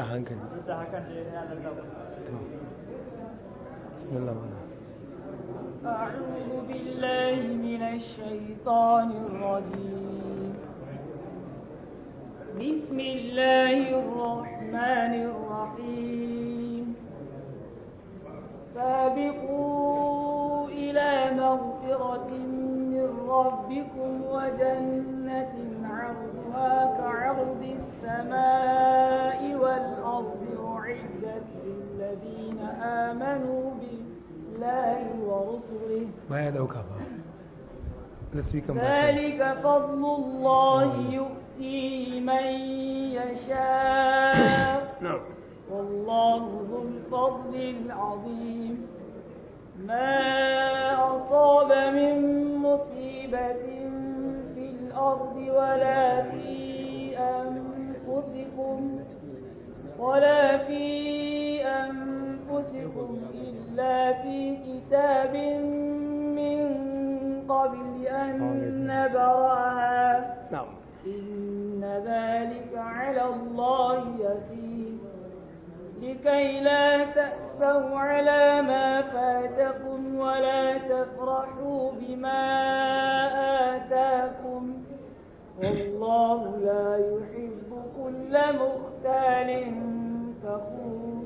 a hankali بسم الله الرحمن الرحيم سابقوا إلى مغفرة من ربكم وجنة عرضها كعرض السماء آمنوا بالله ورسله ما يدعوك ذلك فضل الله يؤتيه من يشاء نعم. والله ذو الفضل العظيم ما أصاب من مصيبة في الأرض ولا في أنفسكم ولا في أنفسكم إلا في كتاب من قبل أن نبرأها نعم إن ذلك على الله يسير لكي لا تأسوا على ما فاتكم ولا تفرحوا بما آتاكم والله لا يحب كل مختال فخور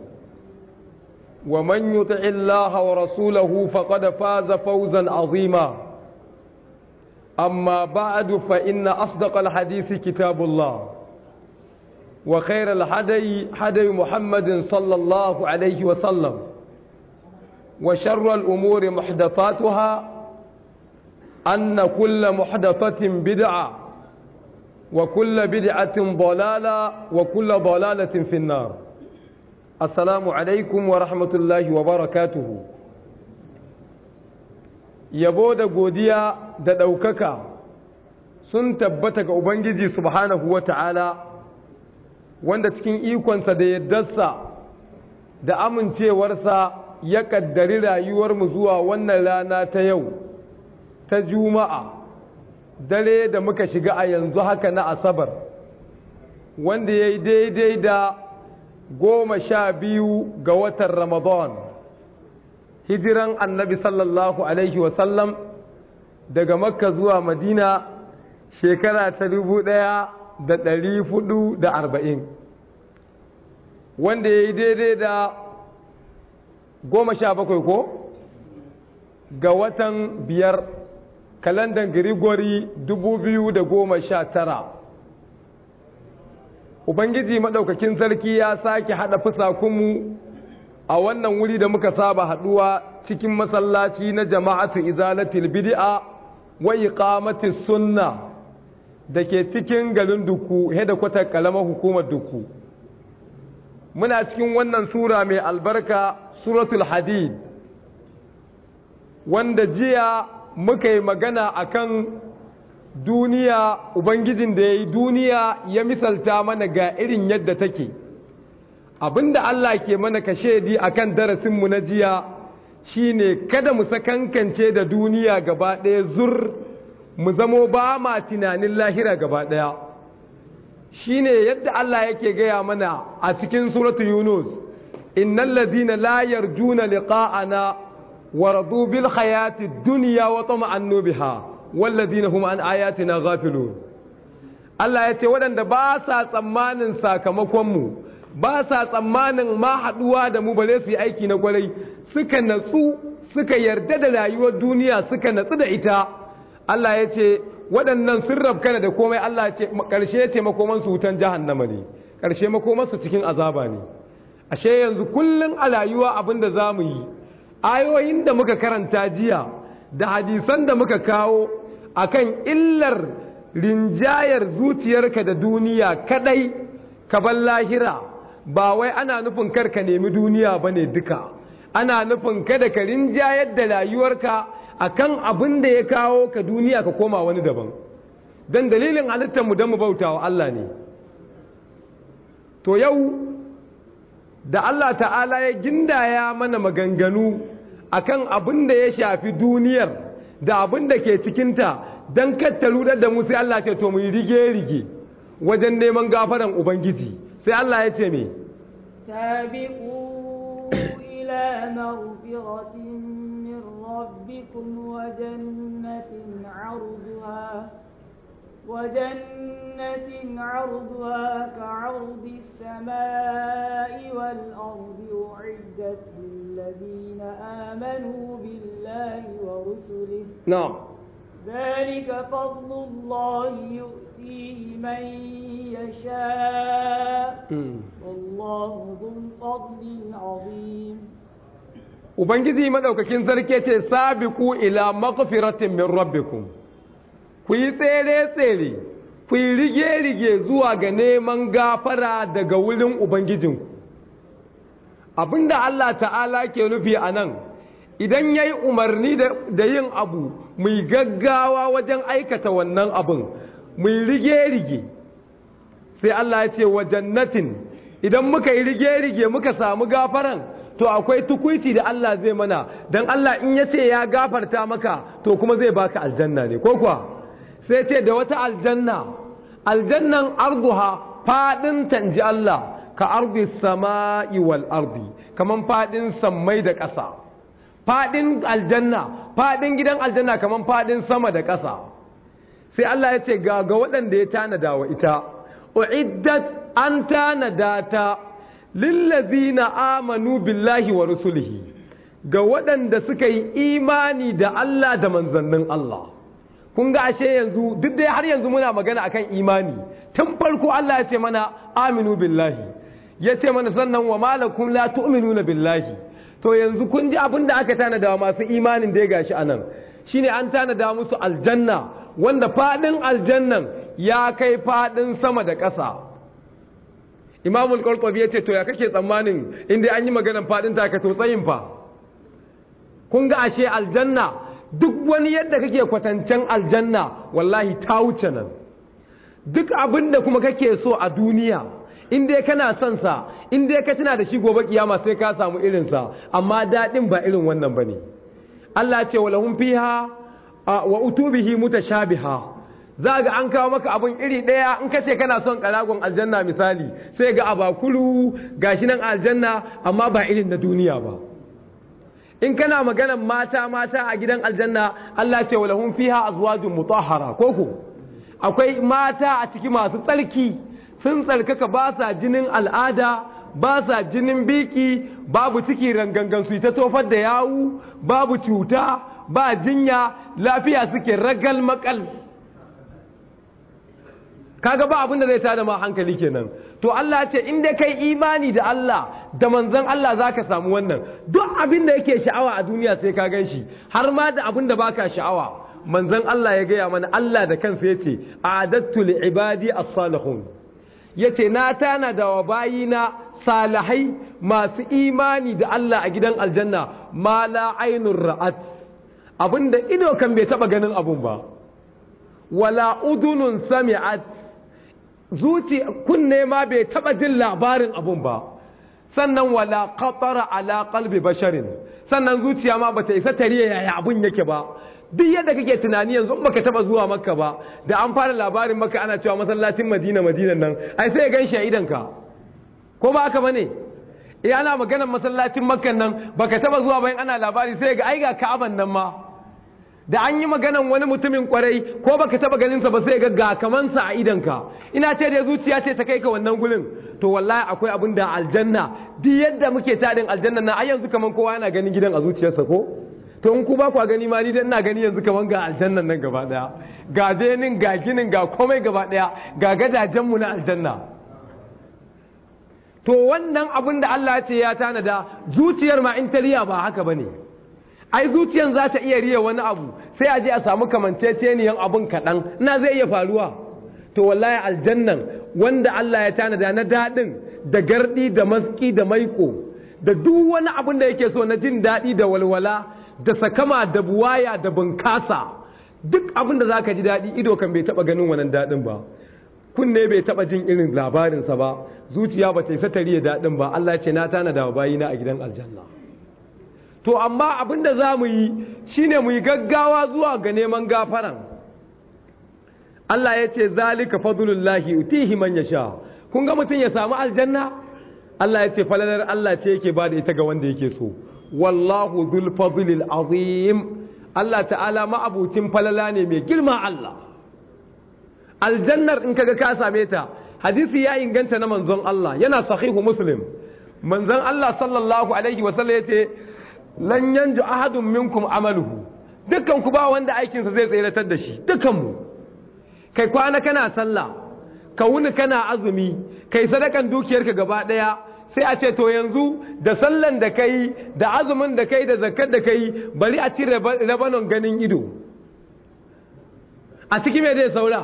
ومن يطع الله ورسوله فقد فاز فوزا عظيما أما بعد فإن أصدق الحديث كتاب الله وخير الحدي حدي محمد صلى الله عليه وسلم وشر الأمور محدثاتها أن كل محدثة بدعة وكل بدعة ضلالة وكل ضلالة في النار assalamu alaikum wa rahmatullahi wa barakatuhu yabo da godiya da ɗaukaka sun tabbata ga ubangiji subhanahu wa ta'ala wanda cikin ikonsa da yaddarsa da amincewarsa ya ƙaddari rayuwarmu zuwa wannan rana ta yau ta juma'a dare da muka shiga a yanzu haka na asabar wanda ya yi daidai da goma sha biyu ga watan ramadan hijiran annabi sallallahu alaihi wasallam daga makka zuwa madina shekara ta dubu ɗaya da ɗari hudu da arba'in wanda ya yi daidai da goma sha bakwai ko ga watan biyar kalandan grigori dubu biyu da goma sha tara ubangiji maɗaukakin sarki ya sake haɗa fusakunmu a wannan wuri da muka saba haɗuwa cikin masallaci na jama'atu izalatil bid'a wa iqamatis sunna ke cikin garin duku heda kwatar kalamar hukumar duku muna cikin wannan sura mai albarka suratul hadid wanda jiya muka yi magana akan duniya ubangijin da ya yi duniya ya misalta mana ga irin yadda take abinda Allah ke mana a kan darasinmu na jiya shine kada mu sakankance da duniya gaba ɗaya zur mu zamo ba ma tunanin lahira gaba ɗaya shine yadda Allah yake gaya mana a cikin suratu yunus innal ladina la yarjuna liqa'ana wa radu bil hayati duniya wa tama'annu biha walladina hum an ayatina ghafilun Allah ya ce waɗanda ba sa tsammanin sakamakonmu ba sa tsammanin ma haduwa da mu bare su yi aiki na gwarai suka natsu suka yarda da rayuwar duniya suka natsu da ita Allah ya ce waɗannan sun rabkana da komai Allah ya ce ƙarshe ya ce su wutan jahannama ne ƙarshe su cikin azaba ne ashe yanzu kullum a rayuwa abin da za mu yi ayoyin da muka karanta jiya da hadisan da muka kawo akan illar rinjayar zuciyarka da duniya kadai ka bar lahira ba wai ana nufin kar ka nemi duniya bane duka ana nufin kada ka rinjayar da rayuwarka akan abin da ya kawo ka duniya ka koma wani daban don dalilin halittar mu don mu bautawa Allah ne to yau da Allah ta'ala ya gindaya mana maganganu akan abin da ya shafi duniyar da abin da ke cikinta don kattaru da mu sai Allah ce to mu yi rige-rige wajen neman gafaran Ubangiji sai Allah ya ce me sabiqu ila maghfiratin min rabbikum wa jannatin 'arduha وجنة عرضها كعرض السماء والأرض أعدت للذين آمنوا بالله ورسله نعم ذلك فضل الله يؤتيه من يشاء والله ذو الفضل العظيم Ubangiji madaukakin sarki ce sabiku ila من min rabbikum ku yi tsere-tsere ku yi rige-rige zuwa ga neman gafara daga wurin ubangijinku abinda Allah ta'ala ke nufi a nan idan ya yi umarni da yin abu mai gaggawa wajen aikata wannan abin mai rige-rige sai Allah ya ce wa jannatin idan muka yi rige-rige muka samu gafaran to akwai tukuici da Allah zai mana don Allah in ya ce ya gafarta maka to kuma zai baka aljanna ne ko kuwa sai ce da wata aljanna aljannan arduha fadin tanji Allah ka ardi sama'i wal ardi kaman fadin sammai da ƙasa fadin aljanna fadin gidan aljanna kaman fadin sama da ƙasa sai Allah ya ce ga ga waɗanda ya tanada wa ita uiddat an tanada ta lillazina amanu billahi wa rusulihi ga waɗanda suka yi imani da Allah da manzannin Allah kun ga ashe yanzu duk dai har yanzu muna magana akan imani tun farko Allah ya ce mana aminu billahi ya ce mana sannan wa malakum la tu'minu billahi to yanzu kun ji abin da aka tanada masu imanin da ya gashi anan shine an tanada musu aljanna wanda fadin aljannan ya kai fadin sama da ƙasa imamul qurtubi ya ce to ya kake tsammanin inda an yi maganar fadin ta ka to tsayin fa kun ga ashe aljanna duk wani yadda kake kwatancen aljanna wallahi ta wuce nan duk abin da kuma kake so a duniya in dai kana son sa in dai ka tana da shi gobe kiyama sai ka samu irin sa amma daɗin ba irin wannan bane Allah ce lahum fiha wa utubihi mutashabiha za ga an kawo maka abin iri ɗaya in ka ce kana son karagon aljanna misali sai ga abakulu gashi nan aljanna amma ba irin na duniya ba in kana maganan mata mata a gidan aljanna Allah ce walahum fiha azwajun mutahhara koko akwai mata a ciki masu tsarki sun tsarkaka ba sa jinin al'ada ba sa jinin biki babu ciki rangangan su ta tofar da yawu babu cuta ba jinya lafiya suke ragal makal kaga ba abin da zai tada ma hankali kenan to Allah ya ce in dai kai imani da Allah da manzon Allah zaka samu wannan duk abin da yake sha'awa a duniya sai ka gan har ma da abin da baka sha'awa manzon Allah ya gaya mana Allah da kansa ya ce adattu li ibadi as-salihun yace na tana da wa bayina salihai masu imani da Allah a gidan aljanna ma la ainur ra'at abinda ido kan bai taba ganin abun ba wala udunun sami'at zuci kunne ma bai taba jin labarin abun ba sannan wala qatara ala qalbi basharin sannan zuciya ma bata isa tariya yaya abun yake ba duk yadda kake tunani yanzu baka taba zuwa makka ba da an fara labarin makka ana cewa masallacin madina madinan nan ai sai gan shi a ka ko ba haka bane eh ana maganar masallacin Makka nan baka taba zuwa ba in ana labari sai ga ai ga ka'aban nan ma da an yi maganan wani mutumin kwarai ko baka taba sa ba sai ga kamansa a idanka ina ce da zuciya ce ta kai ka wannan gulin to wallahi akwai abin da aljanna duk yadda muke tadin aljanna na ai yanzu kaman kowa yana ganin gidan a zuciyarsa ko to in ku ba ku gani ma ni dan ina gani yanzu kaman ga aljannan nan gaba daya ga benin ga ginin ga komai gaba daya ga gadajen mu na aljanna to wannan abin da Allah ya ce ya tanada zuciyar ma in ba haka bane ai zuciyan za ta iya riya wani abu sai a je a samu kamanceceniyan abun kaɗan na zai iya faruwa to wallahi aljannan wanda Allah ya tanada na daɗin da gardi da maski da maiko da duk wani abin da yake so na jin daɗi da walwala da sakama da buwaya da bunkasa duk abin da za ka ji daɗi ido kan bai taɓa ganin wannan daɗin ba kunne bai taɓa jin irin labarinsa ba zuciya ba ta yi satari da daɗin ba Allah ce na tanada wa bayina a gidan aljanna to amma abinda za mu yi shi ne mu yi gaggawa zuwa ga neman gafaran Allah ya ce zalika fadlullahi utihi man sha. kun ga mutum ya samu aljanna Allah ya ce falalar Allah ce yake ba da ita ga wanda yake so wallahu dhul fadlil azim Allah ta'ala ma'abucin falala ne mai girma Allah aljannar in kaga ka same ta hadisi ya inganta na manzon Allah yana sahihu muslim manzon Allah sallallahu alaihi wasallam yace lan yanju ahadun minkum amaluhu dukkan ku ba wanda aikinsa zai tsayar da shi dukkan mu kai kwana kana sallah ka wuni kana azumi kai sadakan dukiyarka gaba daya sai a ce to yanzu da sallan da kai da azumin da kai da zakkar da kai bari a ci rabanon ganin ido a ciki me zai saura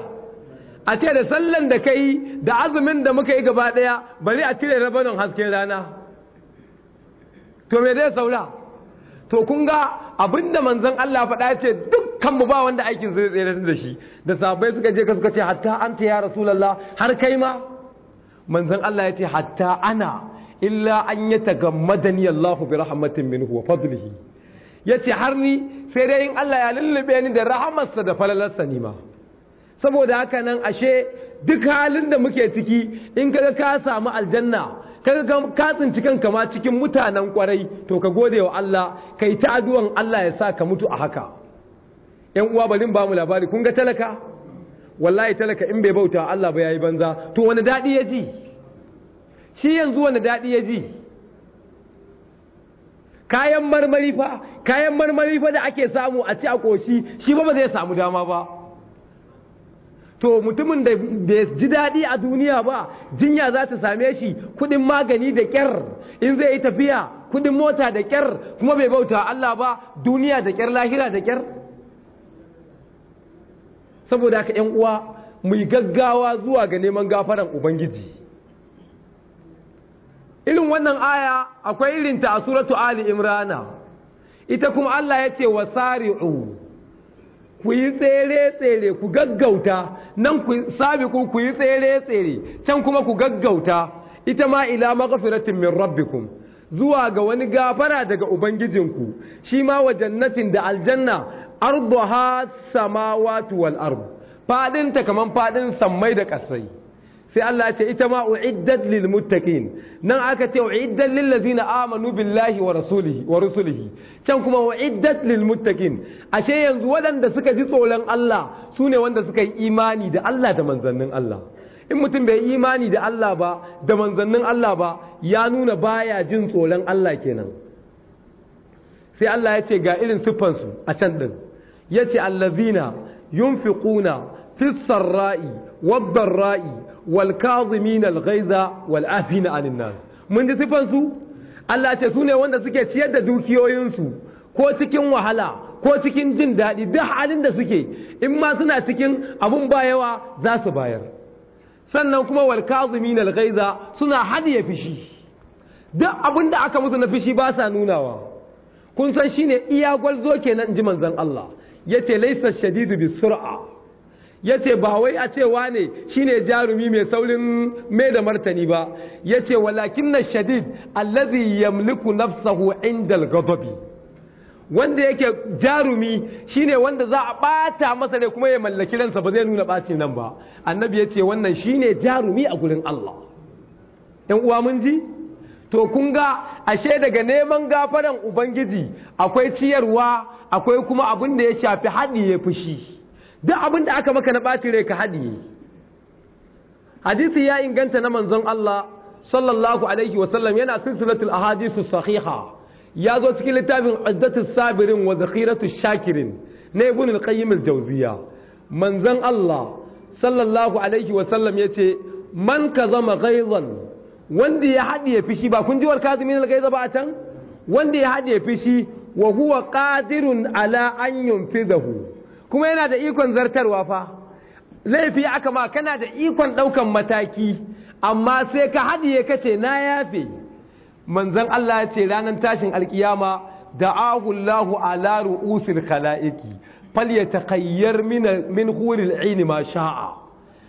a ce da sallan da kai da azumin da muka yi gaba daya bari a cire rabanon hasken rana to me zai saura to kun ga abinda manzon Allah faɗa ce dukkan mu ba wanda aikin zai tsere da shi da sabai suka je ka suka ce hatta anta ya rasulullah har kai ma manzon Allah ya ce hatta ana illa an ni Allahu bi rahmatin minhu wa fadlihi yace har ni sai dai in Allah ya lullube ni da rahamarsa da falalarsa ni ma saboda haka nan ashe duk halin da muke ciki in kaga ka samu aljanna ga ka tsinci kanka ma cikin mutanen kwarai to ka gode wa Allah kai ta addu'an Allah ya sa ka mutu a haka ƴan uwa barin ba mu labari kun ga talaka wallahi talaka in bai bauta Allah ba yayi banza to wani dadi ya ji shi yanzu wani dadi ya ji kayan marmari fa kayan marmari fa da ake samu a ci a koshi shi ba ba zai samu dama ba to mutumin da bai ji daɗi a duniya ba jinya za ta same shi kuɗin magani da ƙyar in zai yi tafiya kuɗin mota da ƙyar kuma bai bauta Allah ba duniya da ƙyar lahira da ƙyar saboda ka ‘yan uwa mu yi gaggawa zuwa ga neman gafaran Ubangiji irin wannan aya akwai irinta a suratu Ali Imrana ita kuma Allah ya ce wasari'u ku yi tsere-tsere ku gaggauta nan ku ku yi tsere-tsere can kuma ku gaggauta ita ma ila maghfiratin min rabbikum zuwa ga wani gafara daga ubangijinku shi ma wa jannatin da aljanna arduha samawati wal ard fadin ta kaman fadin sammai da kasai sai Allah ce ita ma uiddat lil muttaqin nan aka ce uiddat lil ladina amanu billahi wa rasulihi wa rusulihi can kuma uiddat lil muttaqin ashe yanzu waɗanda suka ji tsoron Allah sune wanda suka yi imani da Allah da manzannin Allah in mutum bai imani da Allah ba da manzannin Allah ba ya nuna baya jin tsoron Allah kenan sai Allah ya ce ga irin siffansu a can din yace allazina yunfiquna fis sarra'i wad ra'i. wal kazimin al ghaiza wal afina anin mun ji sifan su Allah ce su ne wanda suke ciyar da dukiyoyinsu ko cikin wahala ko cikin jin daɗi duk halin da suke in ma suna cikin abun bayawa za su bayar sannan kuma wal kazimin al ghaiza suna hadiye fishi duk abin da aka musu na fishi ba sa nunawa kun san shine iya gwalzo kenan ji manzon Allah yace laysa shadidu bis sur'a ya ce ba wai a cewa ne shi ne jarumi mai saurin mai da martani ba ya ce walakin na shadid allazi yamliku nafsahu indal gababi wanda yake jarumi shine wanda za a bata masa ne kuma ya mallaki ransa ba zai nuna ɓaci nan ba annabi ya ce wannan shine jarumi a gurin Allah ɗan uwa mun ji to kun ga ashe daga neman gafaran ubangiji akwai ciyarwa akwai kuma abin da ya shafi haɗi ya fushi duk abin da aka maka na ɓacin rai ka haɗiye hadisi ya inganta na manzon Allah sallallahu alaihi wasallam yana silsilatul ahadisu sahiha ya zo cikin littafin uddatus sabirin wa zakhiratus shakirin na ibn al-qayyim al-jawziya manzon Allah sallallahu alaihi wasallam yace man kazama ghaizan wanda ya haɗiye fishi ba kun ji wal kazimin al-ghaiza ba a can wanda ya hadiye fishi wa huwa qadirun ala an yunfidahu kuma yana da ikon zartarwa fa laifi aka ma kana da ikon ɗaukan mataki amma sai ka haɗiye ka ce na yafe manzan Allah ya ce ranar tashin alkiyama da ahullahu ala ru'usil khala'iki fal ya taqayyar min khuril aini ma sha'a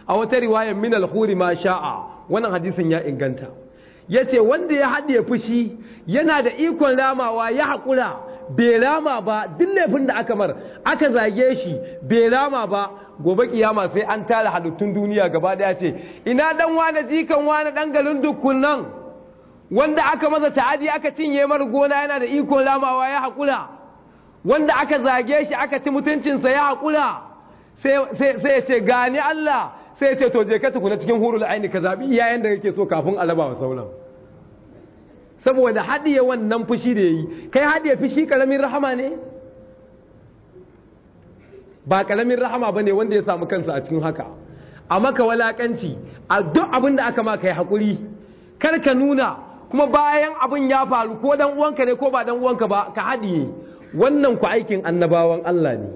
a wata riwaya min al khuri ma sha'a wannan hadisin ya inganta yace wanda ya haɗiye fushi yana da ikon ramawa ya haƙura bai ba duk laifin da aka mar aka zage shi bai ba gobe kiyama sai an tara halittun duniya gaba daya ce ina dan wani jikan wani dan galin dukkunan wanda aka masa ta'adi aka cinye mar gona yana da iko lamawa ya hakura. wanda aka zage shi aka ci mutuncinsa ya hakura. sai ya ce gani Allah sai ya ce to je ka tukuna cikin hurul aini ka zaɓi iyayen da kake so kafin alaba wa sauran saboda haɗiye wannan fushi da ya yi kai haɗiye fushi ƙaramin rahama ne ba ƙaramin rahama ba ne wanda ya samu kansa a cikin haka a maka walaƙanci a duk abin da aka maka ya hakuri, kar ka nuna kuma bayan abin ya faru ko dan uwanka ne ko ba dan uwanka ba ka haɗiye wannan ku aikin annabawan Allah ne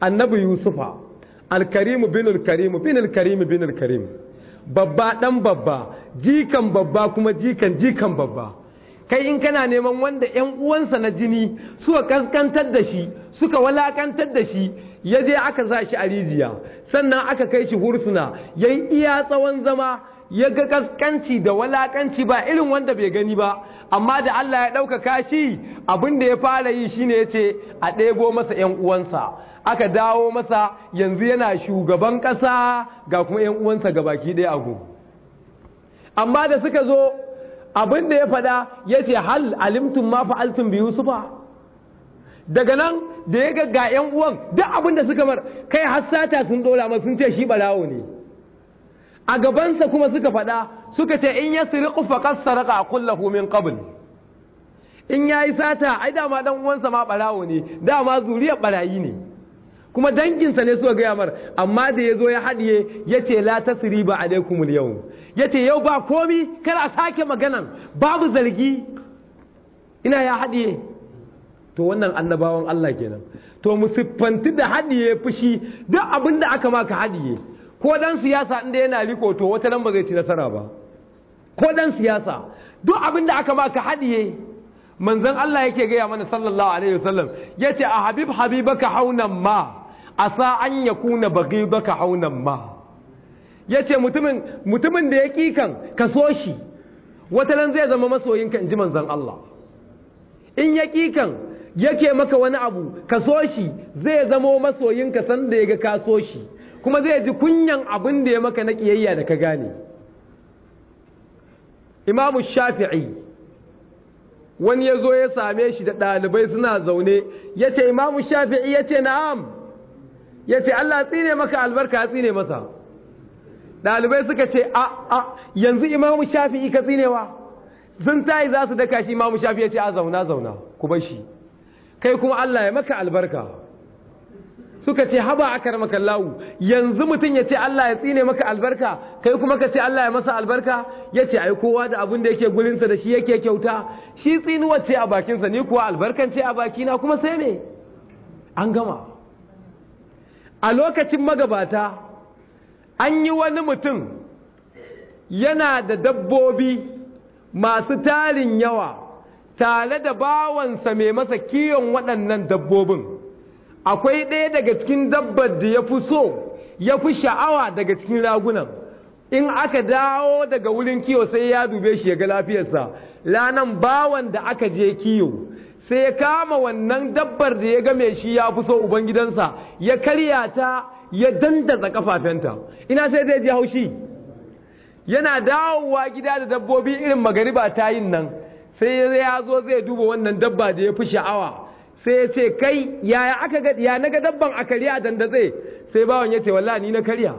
annabi Yusufa alkarimu binul karimu binul karimu binul karimu babba dan babba jikan babba kuma jikan jikan babba kai in kana neman wanda ‘yan uwansa na jini suka kaskantar da shi suka walakantar da shi ya je aka sa shi a rijiya sannan aka kai shi hursuna ya yi iya tsawon zama ya ga kaskanci da walakanci ba irin wanda bai gani ba amma da Allah ya ɗaukaka shi abin da ya fara yi shine ya ce a ɗebo masa ‘yan uwansa aka dawo masa yanzu yana shugaban ƙasa ga kuma ‘yan uwansa ga baki ɗaya a amma da suka zo abin da ya faɗa ya ce hal alimtun ma biyu su ba daga nan da ya gagga uwan duk abin da suka mar kai hassata sun dola ma sun ce shi balawo ne a gabansa kuma suka faɗa suka ce in ya yasriqu saraka a kulla homin ƙabin in ya yi sata ai dama dan uwansa ma balawo ne dama zuriyar barayi ne kuma danginsa ne suka gaya mar amma da ya zo ya haɗiye ya ce la tasiri ba a alaikumul yau ya ce yau ba komi kar a sake maganan babu zargi ina ya haɗiye to wannan annabawan Allah kenan to mu da haɗiye fushi duk abin da aka maka haɗiye ko dan siyasa inda yana riko to wata nan ba zai ci nasara ba ko dan siyasa duk abin da aka maka haɗiye manzon Allah yake gaya mana sallallahu alaihi wasallam yace a habib habibaka haunan ma a sa’an ya kuna baka haunan ma Ya ce mutumin da ya kikan ka so shi watalan zai zama masoyinka jiman zan Allah in ya kikan yake maka wani abu ka so shi zai zama masoyinka sanda ya ga ka so shi kuma zai ji kunyan abin da ya maka na kiyayya da ka gane imamu shafi'i wani ya zo ya same shi da ɗalibai suna zaune ya ce imamu shafi'i ya ce na'am ya ce Allah tsine maka albarka ya tsine masa ɗalibai suka ce a a yanzu imamu shafi'i ka tsinewa sun tayi za su daka shi imamu shafi'i ya ce a zauna zauna ku bar shi kai kuma Allah ya maka albarka suka ce haba aka maka lawu yanzu mutum ya ce Allah ya tsine maka albarka kai kuma ka ce Allah ya masa albarka ya ce ai kowa da abin da yake gurinsa da shi yake kyauta shi tsinuwa ce a bakinsa ni kuwa albarkan ce a bakina kuma sai me an gama a lokacin magabata an yi wani mutum yana da dabbobi masu tarin yawa tare da bawansa mai masa kiyon waɗannan dabbobin akwai ɗaya daga cikin dabbar da ya fi so ya fi sha'awa daga cikin ragunan in aka dawo daga wurin kiyo sai ya dube shi ya ga lafiyarsa ranan bawan da aka je kiyo sai ya kama wannan dabbar da ya game shi ya fi so ubangidansa ya karya ta ya dandaza kafafenta ina sai zai ji haushi yana dawowa gida da dabbobi irin magariba ta yin nan sai ya zo zai duba wannan dabba da ya fi sha'awa sai ya ce kai yaya aka ga ya naga dabban a karya dandatse sai bawan ya ce wallahi ni na karya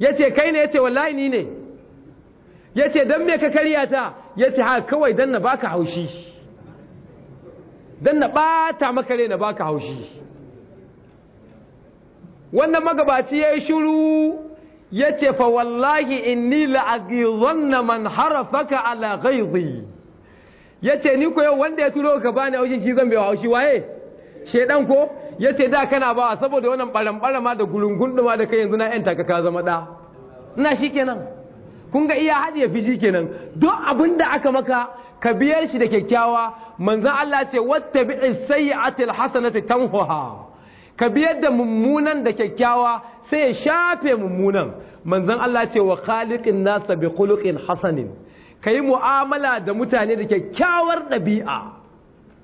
ya ce kai ne ya ce wallahi ni ne ya ce don me ka karya ta ya ce haka kawai don na baka haushi don na ɓata makare na baka haushi wannan magabaci ya yi shuru ya ce fa wallahi in ni la'agizon na man harafaka ala ya ce ni ko yau wanda ya turo ka bani haushi shi zan bewa haushi waye shaidan ko ya ce da kana ba saboda wannan ɓaramɓarama da ɗuma da kai yanzu na 'yan takaka zama ɗa ina shi kenan kun ga iya hadiya fishi kenan don abin da aka maka ka biyar shi da kyakkyawa manzon Allah ce wattabi'is sayyi'atil hasanati tamhuha ka biyar da mummunan da kyakkyawa sai ya shafe mummunan manzon Allah ce wa khaliqin nasa bi khuluqin hasanin yi mu'amala da mutane da kyakkyawar ɗabi'a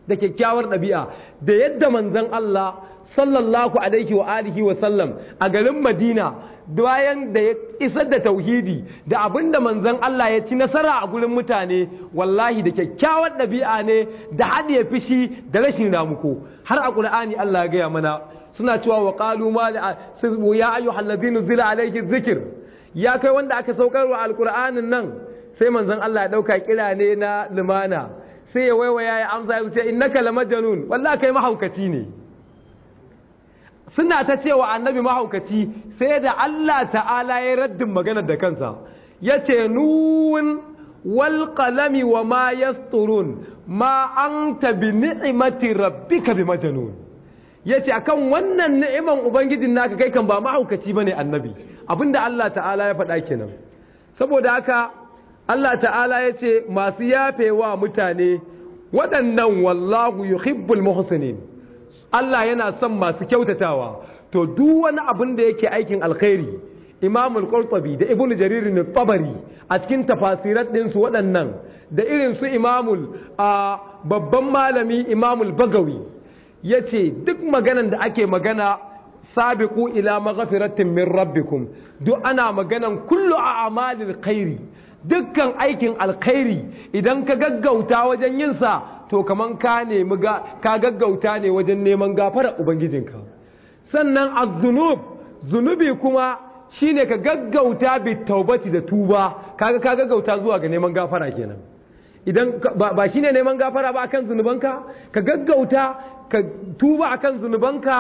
da kyakkyawar ɗabi'a da yadda manzan Allah sallallahu alaihi wa alihi wa sallam a garin Madina bayan da ya isar da tauhidi da abinda manzon Allah ya ci nasara a gurin mutane wallahi da kyakkyawar ɗabi'a ne da ya fishi da rashin ramuko har a Qur'ani Allah ya gaya mana suna cewa wa qalu ma ya ayu ladina zila alayhi dhikr ya kai wanda aka saukar wa alqur'anin nan sai manzon Allah ya ɗauka kira ne na lumana sai ya waiwaya ya amsa ya ce innaka lamajnun wallahi kai mahaukaci ne suna ta cewa annabi mahaukaci sai da Allah ta'ala ya raddin maganar da kansa ya ce nun walƙalami wa ma tsoron ma an ta bi rabbi ka bi ya yace akan wannan ni'iman ubangijin naka kai kan ba mahaukaci ba ne annabi abinda Allah ta'ala ya faɗa kenan saboda haka Allah ta'ala ya ce masu yafe wa mutane waɗannan wallahu yuhibbul muhsinin Allah yana son masu kyautatawa to duk wani abin da yake aikin alkhairi Imam al-Qurtubi da Ibn Jarir al-Tabari a cikin tafasirat din su waɗannan da irin su Imam a babban malami Imam al-Bagawi yace duk maganan da ake magana sabiqu ila maghfiratin min rabbikum duk ana maganan kullu a amalil khairi dukkan aikin alkhairi idan ka gaggauta wajen yinsa to kaman ka nemi ka gaggauta ne wajen neman gafara ubangijinka sannan az-zunub zunubi kuma shine ka gaggauta bi taubati da tuba kaga ka gaggauta zuwa ga neman gafara kenan idan ba shine neman gafara ba akan zunubanka ka gaggauta ka tuba akan zunubanka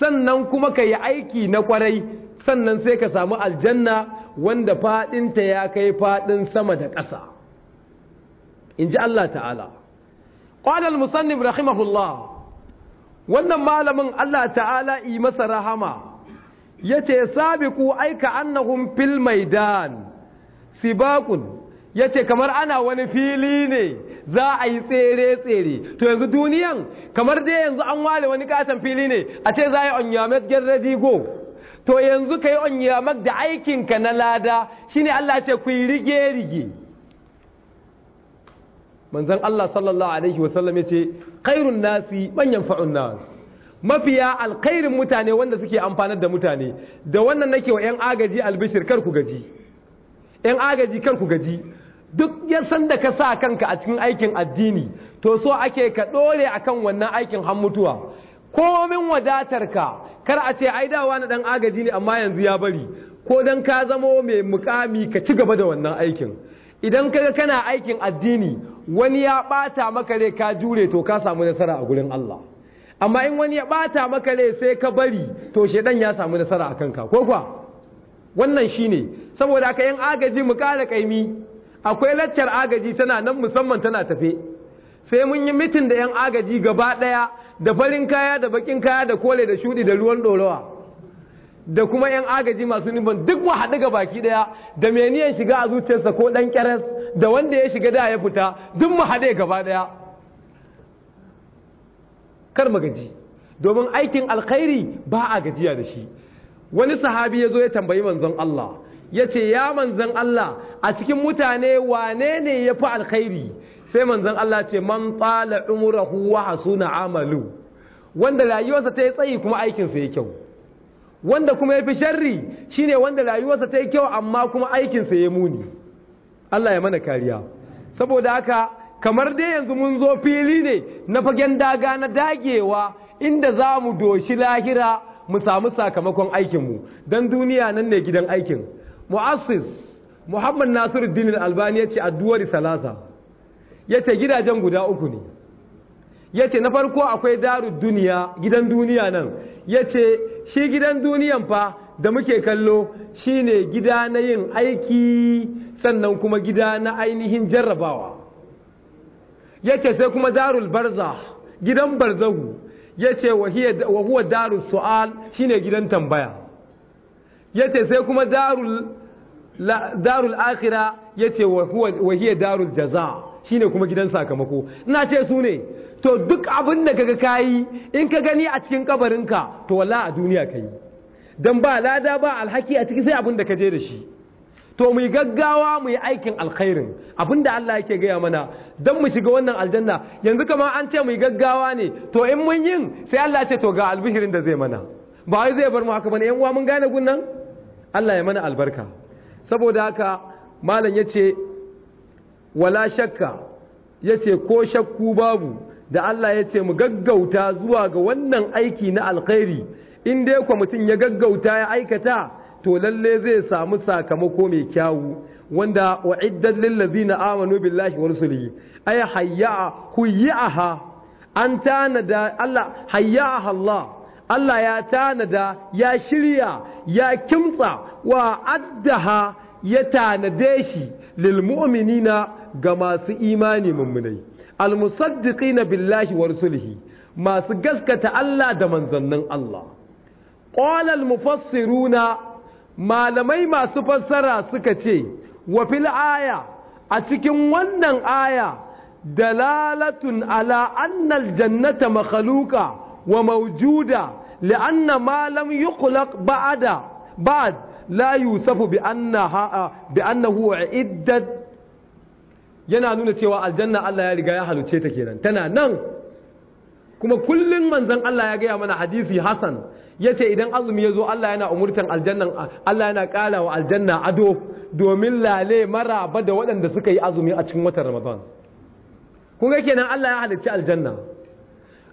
sannan kuma ka yi aiki na kwarai sannan sai ka samu aljanna wanda fadinta ya kai fadin sama da ƙasa in ji Allah ta'ala قال المصنف رحمه الله wannan malamin Allah ta'ala yi masa rahama yace sabiqu aika annahum fil maidan sibaqun yace kamar ana wani fili ne za a yi tsere tsere to yanzu duniyan kamar dai yanzu an wale wani katon fili ne a ce za a yi onyamet gerradi go to yanzu kai onyamet da aikinka na lada shine Allah ce ku yi rige rige manzon Allah sallallahu alaihi wasallam ce, "Kairun nasi manyan fa’un nasi. mafiya alkhairin mutane wanda suke amfanar da mutane da wannan nake wa yan agaji albishir kar ku gaji yan agaji karku gaji duk yasan da ka sa kanka a cikin aikin addini to so ake ka a kan wannan aikin han mutuwa komin wadatarka kar a ce ai dawa na dan agaji ne amma yanzu ya bari ko don ka zamo mai mukami ka ci gaba da wannan aikin idan kaga kana aikin addini wani ya bata maka rai ka jure to ka samu nasara a gurin Allah amma in wani ya bata maka rai sai ka bari to shedan ya samu nasara akan ka ko kwa wannan shine saboda ka yin agaji mu kara kaimi akwai laccar agaji tana nan musamman tana tafe sai mun yi mitin da yan agaji gaba daya da farin kaya da bakin kaya da kole da shudi da ruwan ɗorawa. da kuma 'yan agaji masu niman duk haɗu ga baki ɗaya da meniyan shiga a zuciyarsa ko ɗan ƙyaras da wanda ya shiga da ya fita duk haɗe gaba ɗaya kar magaji domin aikin alkhairi ba a gajiya da shi wani sahabi ya zo ya tambayi manzon Allah ya ce ya manzon Allah a cikin mutane wane ne ya fi alkhairi sai manzon Allah ce man tsala umurahu wa hasuna amalu wanda rayuwarsa ta yi tsayi kuma aikinsa ya kyau wanda kuma ya fi sharri shine wanda rayuwarsa ta yi kyau amma kuma aikinsa ya muni Allah ya mana kariya saboda haka kamar dai yanzu mun zo fili ne na fagen daga na dagewa inda za mu doshi lahira mu samu sakamakon aikinmu don duniya nan ne gidan aikin mu'assis muhammad nasiru dinin albani ya ce addu'ar salasa ya ce gidajen guda uku ne ya ce na farko akwai daru duniya gidan duniya nan ya ce shi gidan duniyan fa da muke kallo shine gida na yin aiki sannan kuma gida na ainihin jarrabawa yake sai kuma darul barza gidan barzahu yace wa huwa darus su'al shine gidan tambaya yace sai kuma darul darul akhira yace wa huwa darul jaza shine kuma gidan sakamako ina ce su ne to duk abin da kaga kayi in ka gani a cikin kabarinka to wala a duniya ka yi ba lada ba alhaki a ciki sai abin da ka je da shi to mu gaggawa mu yi aikin alkhairin abin da Allah yake gaya mana dan mu shiga wannan aljanna yanzu kamar an ce mu gaggawa ne to in mun yin sai Allah ce to ga albishirin da zai mana ba wai zai bar mu haka bane yan uwa mun gane gunnan Allah ya mana albarka saboda haka malam yace wala shakka yace ko shakku babu da Allah ya ce mu gaggauta zuwa ga wannan aiki na alkhairi in dai kwa mutum ya gaggauta ya aikata to lalle zai samu sakamako mai kyawu wanda wa'iddat lil ladzina amanu billahi wa rusulihi ay hayya an tanada Allah hayya Allah Allah ya tanada ya shirya ya kimtsa wa addaha ya tanade shi lil mu'minina ga masu imani mummunai almusaddiqina billahi wa rusulihi masu gaskata Allah da manzannin Allah qala almufassiruna malamai masu fassara suka ce wa fil aya a cikin wannan aya dalalatun ala annal jannata makhluqa wa mawjuda li'anna ma lam yukhlaq ba'da ba'd la yusafu bi annaha bi annahu iddat yana nuna cewa aljanna Allah ya riga ya haluce ta kenan tana nan kuma kullun manzon Allah ya gaya mana hadisi hasan yace idan azumi ya zo Allah yana umurtan aljannan Allah yana kara wa aljanna ado domin lale ba da waɗanda suka yi azumi a cikin watan Ramadan kun ga kenan Allah ya halicci aljanna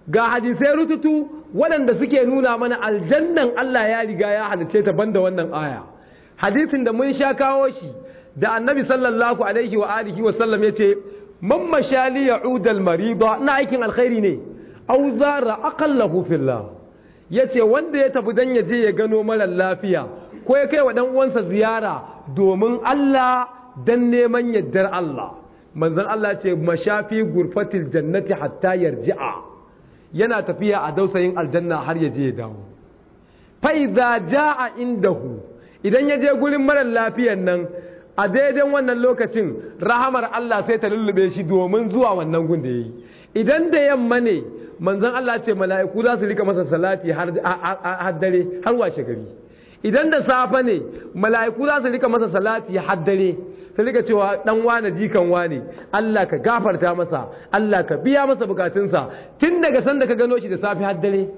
ga hadisai rututu waɗanda suke nuna mana aljannan Allah ya riga ya halicce ta banda wannan aya hadisin da mun sha kawo shi da annabi sallallahu alaihi wa alihi wa sallam yace man mashali ya'ud al-marida na aikin alkhairi ne aw zara aqallahu fillah yace wanda ya tafi dan ya je ya gano mara lafiya ko ya kai wa dan uwansa ziyara domin Allah dan neman yaddar Allah manzon Allah ce mashafi gurfatil jannati hatta yarji'a yana tafiya a dausayin aljanna har ya je ya dawo fa idza jaa indahu idan ya je gurin mara lafiyan nan a daidai wannan lokacin rahamar Allah sai ta lullube shi domin zuwa wannan gun da ya yi idan da yamma ne manzon Allah ce mala'iku za su rika masa salati har dare har washe gari idan da safe ne mala'iku za su rika masa salati har dare su rika cewa dan wane jikan wane Allah ka gafarta masa Allah ka biya masa bukatunsa tun daga sanda ka gano shi da safe har dare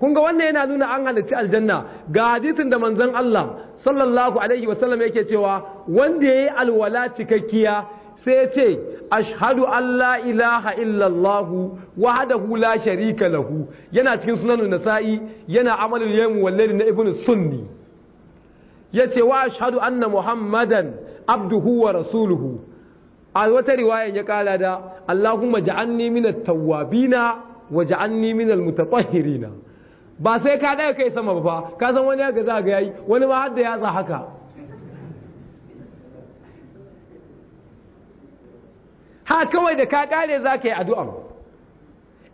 kun ga wannan yana nuna an halarci aljanna ga hadisin da manzon Allah sallallahu alaihi wasallam yake cewa wanda yayi alwala cikakkiya sai ce ashhadu an la ilaha illallah wahdahu la sharika lahu yana cikin sunan nasa'i yana amalul yawm wal na ibnu sunni yace wa ashhadu anna muhammadan abduhu wa rasuluhu a wata riwayan ya kala da allahumma ja'alni minat tawwabina waj'alni minal mutatahhirina ba sai ka ɗaya kai sama ba ka san wani ya za ga yayi wani ma har da yatsa haka ha kawai da ka ƙare za ka yi addu'a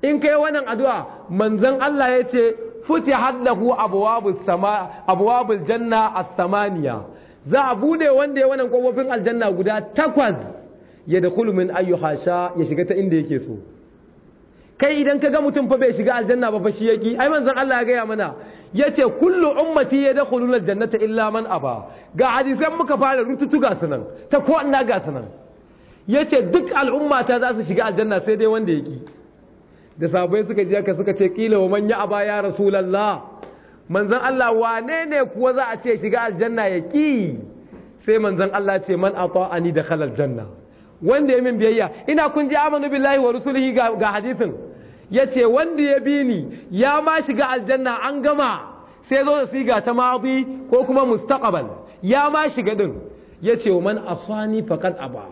in kai wannan addu'a manzon Allah ya ce futihat lahu abwabus sama abwabul janna as-samaniya za a bude wanda ya wannan kofofin aljanna guda takwas ya da min ayyuha sha ya shiga ta inda yake so kai idan ka ga mutum fa bai shiga aljanna ba fa shi yaki ai manzon Allah ya gaya mana yace kullu ummati yadkhuluna aljannata illa man aba ga hadisan muka fara rututu ga sunan ta ko ina ga sunan yace duk al'umma ta za su shiga aljanna sai dai wanda yaki da sabai suka je ka suka ce kila wa man ya aba ya rasulullah manzon Allah wane ne kuwa za a ce shiga aljanna yaki sai manzon Allah ce man ata'ani dakhala aljanna wanda ya min biyayya ina kun ji amanu billahi wa rusulihi ga hadisin yace wanda ya bi ni ya ma shiga aljanna an gama sai zo da siga ta mabi ko kuma mustaqbal ya ma shiga din yace wa man asani faqat aba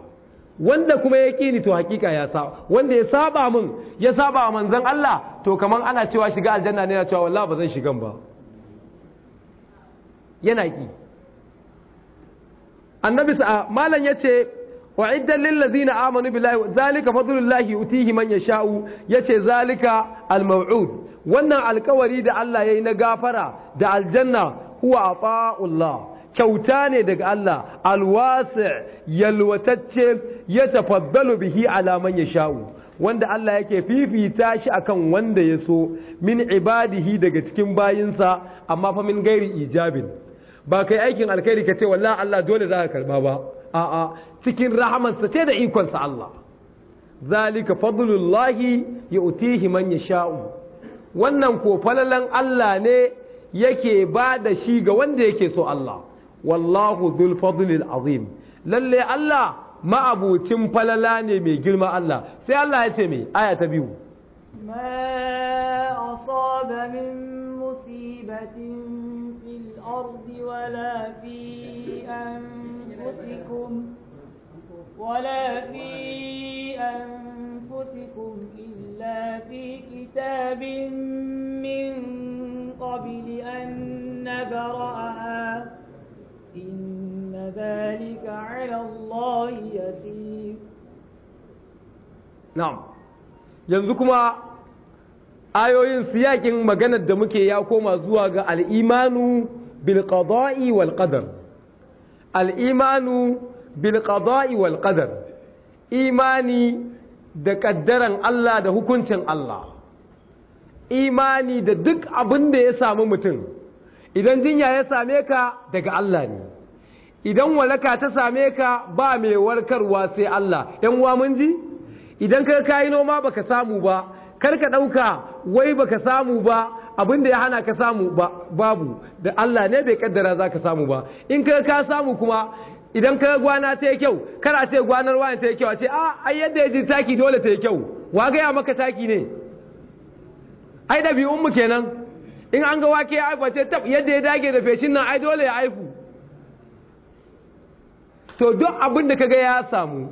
wanda kuma ya ƙi ni to hakika ya sa wanda ya saba min ya saba manzon Allah to kaman ana cewa shiga aljanna ne ya cewa wallahi ba zan shigan ba yana ki annabi sa malam yace wa'iddan lillazina amanu billahi zalika fadlullahi yutihi man yasha'u yace zalika almaw'ud wannan alkawari da Allah ya yi na gafara da aljanna huwa ata'ullah kyauta ne daga Allah alwasa yalwatacce ya tafaddalu bihi ala man yasha'u wanda Allah yake fifita shi akan wanda ya so min ibadihi daga cikin bayinsa amma fa min gairi ijabin ba kai aikin alkhairi ka ce wallahi Allah dole za ka karba ba a'a cikin rahamansa ce da ikonsa Allah zalika fadlullahi yu'tihi man sha'u. wannan ko falalan Allah ne yake ba da shi ga wanda yake so Allah wallahu dhul fadlil azim lalle Allah ma'abucin falala ne mai girma Allah sai Allah ya ce mai aya ta biyu ma asaba min musibatin fil ardi wala fi an ولا في أنفسكم إلا في كتاب من قبل أن نبرأها إن ذلك على الله يسير نعم ينزكما ayoyin siyakin maganar da muke ya koma zuwa ga al'imanu bilkada'i wal qadar al'imanu bilƙaza'i wal ƙadar imani da ƙaddaran Allah da hukuncin Allah imani da duk abin da ya samu mutum idan jinya ya same ka daga Allah ne idan walaka ta same ka ba mai warkarwa sai Allah ‘yan uwa mun ji idan ka kayi noma baka samu ba kar ka ɗauka wai baka samu ba abin da ya hana ka samu babu da Allah ne bai ƙaddara za ka samu ba in ka ka samu kuma idan ka gwana ta yi kyau kar a ce gwanar wani ta yi kyau a ce a ah, yadda ya ji taki dole ta yi kyau wa gaya maka taki ne ai ɗabi'unmu kenan in an ga wake ya aifu ce tab yadda ya dage da feshin nan ai dole ya aifu to duk abin da kaga ya samu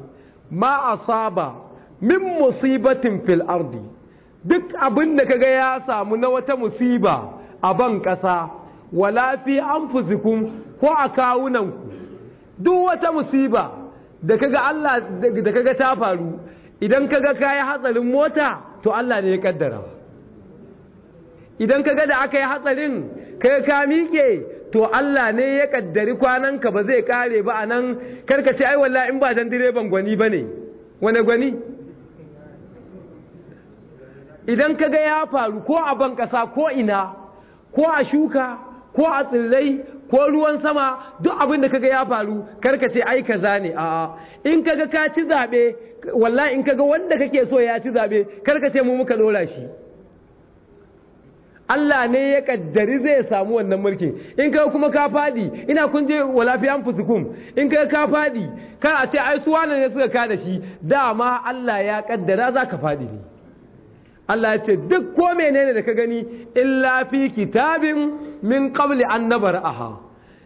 ma a saba min musibatin fil ardi duk abin da kaga ya samu na wata musiba a ban ƙasa wala fi an fuzikun ko a kawunanku duk wata musiba da kaga Allah da kaga ta faru idan kaga kai hatsarin mota to Allah ne ya kaddara idan kaga da aka yi hatsarin kai ka miƙe to Allah ne ya kaddari kwananka ba zai kare ba a nan karka ce ai wallahi in ba dan direban gwani ba wane gwani idan kaga ya faru ko a ban ƙasa ko ina ko a shuka ko a tsirrai ko ruwan sama duk abinda kaga ya faru karka ce ai kaza ne a in kaga ka ci zabe wallahi in kaga wanda kake so ya ci zabe karka ce mu muka dora shi Allah ne ya kaddari zai samu wannan mulki in kai kuma ka fadi ina kun je walafiyan fusukum in kaga ka fadi kar a ce ai su ne suka kada shi dama Allah ya kaddara za ka fadi ne Allah ya ce duk ko menene da ka gani illa fi kitabin min qabli an nabar nabar'aha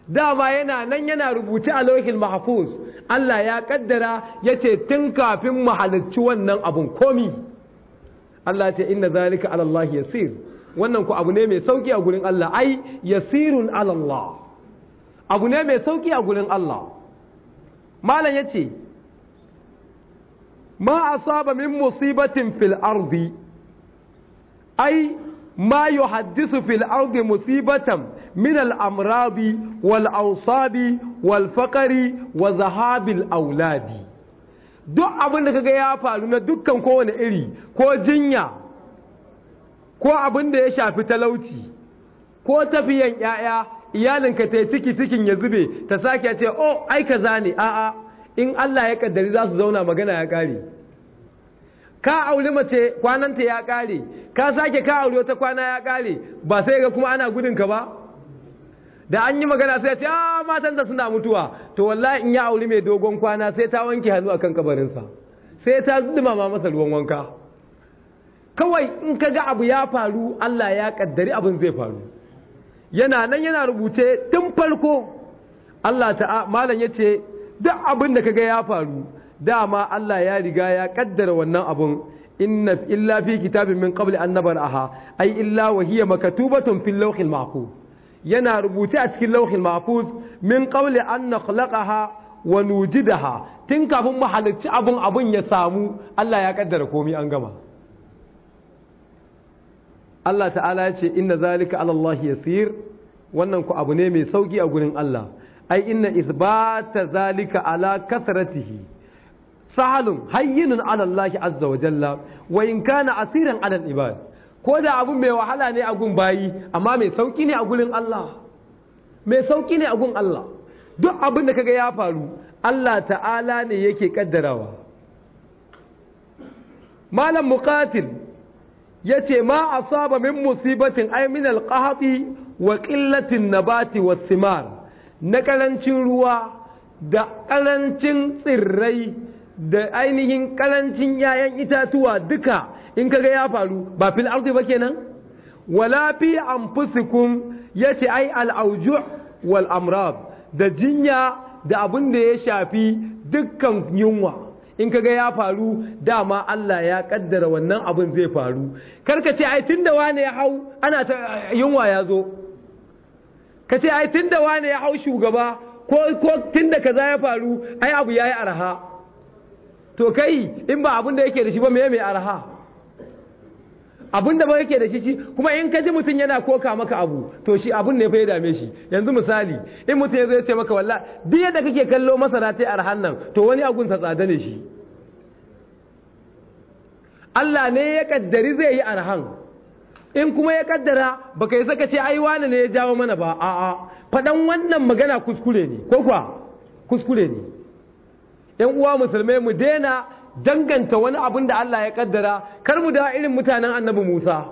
dama yana nan yana rubuce a lauhil mahfuz Allah ya kaddara yace tun kafin mu halicci wannan abun komi Allah ya ce inna zalika ala Allah yasir wannan ku abu ne mai sauki a gurin Allah ai yasirun ala Allah abu ne mai sauki a gurin Allah malam yace ma asaba min musibatin fil ardi ai ma haddisu fil ardi musibatan min al wal ausabi wal wa zahabil auladi duk abin da kaga ya faru na dukkan kowane iri ko jinya ko abin da ya shafi talauci ko tafiyan yaya iyalinka ta yi ciki cikin ya zube ta sake ce oh ai kaza ne a'a in Allah ya kaddari za su zauna magana ya kare ka auri mace kwananta ya ƙare ka sake ka auri wata kwana ya ƙare ba sai ga kuma ana gudun ka ba da an yi magana sai ce ah matan da suna mutuwa to wallahi in ya auri mai dogon kwana sai ta wanke hannu akan kabarinsa sai ta dumama masa ruwan wanka kawai in ka ga abu ya faru Allah ya kaddari abin zai faru yana nan yana rubuce tun farko Allah ta'a malam yace duk abin da kaga ya faru dama Allah ya riga ya kaddara wannan abun inna illa fi kitabin min qabli an nabaraha ay illa wa hiya makatubatun fil lawhil mahfuz yana rubuce a cikin lawhil mahfuz min qabli an nakhlaqaha wa nujidaha tun kafin mu halicci abun abun ya samu Allah ya kaddara komai an gama Allah ta'ala ya ce inna zalika ala Allah yasir wannan ku abu ne mai sauki a gurin Allah ai inna isbata zalika ala kasratihi sahalun hayyinun ala Allah azza wa jalla wa in kana asiran ala ibad ko da abun mai wahala ne a gun bayi amma mai sauki ne a gurin Allah mai sauki ne a gun Allah duk abin da kaga ya faru Allah ta'ala ne yake kaddarawa malam muqatil yace ma a saba min musibatin ay min wa ƙillatin nabati wa simar na ƙarancin ruwa da ƙarancin tsirrai da ainihin karancin 'ya'yan itatuwa duka in kaga ya faru ba fil ardi ba kenan wala fi anfusikum yace ai al auju wal amrad da jinya da abin da ya shafi dukkan yunwa in kaga ya faru dama Allah ya kaddara wannan abin zai faru karka ce ai tunda wane ya hau ana ta yunwa ya zo ka ce ai tunda wane ya hau shugaba ko ko tunda kaza ya faru ai abu yayi araha to kai in ba abin da yake da shi ba me mai arha abin da ba yake da shi kuma in ka ji mutum yana koka maka abu to shi abin ne fa ya dame shi yanzu misali in mutum ya zo ce maka walla duk yadda kake kallo masana ta arhan nan to wani agun ta tsada ne shi Allah ne ya kaddari zai yi arhan in kuma ya kaddara baka yi saka ce ai wani ne ya jawo mana ba a'a faɗan wannan magana kuskure ne ko kuwa kuskure ne yan uwa musulmai mu daina danganta wani abin da Allah ya kaddara kar mu da irin mutanen annabi Musa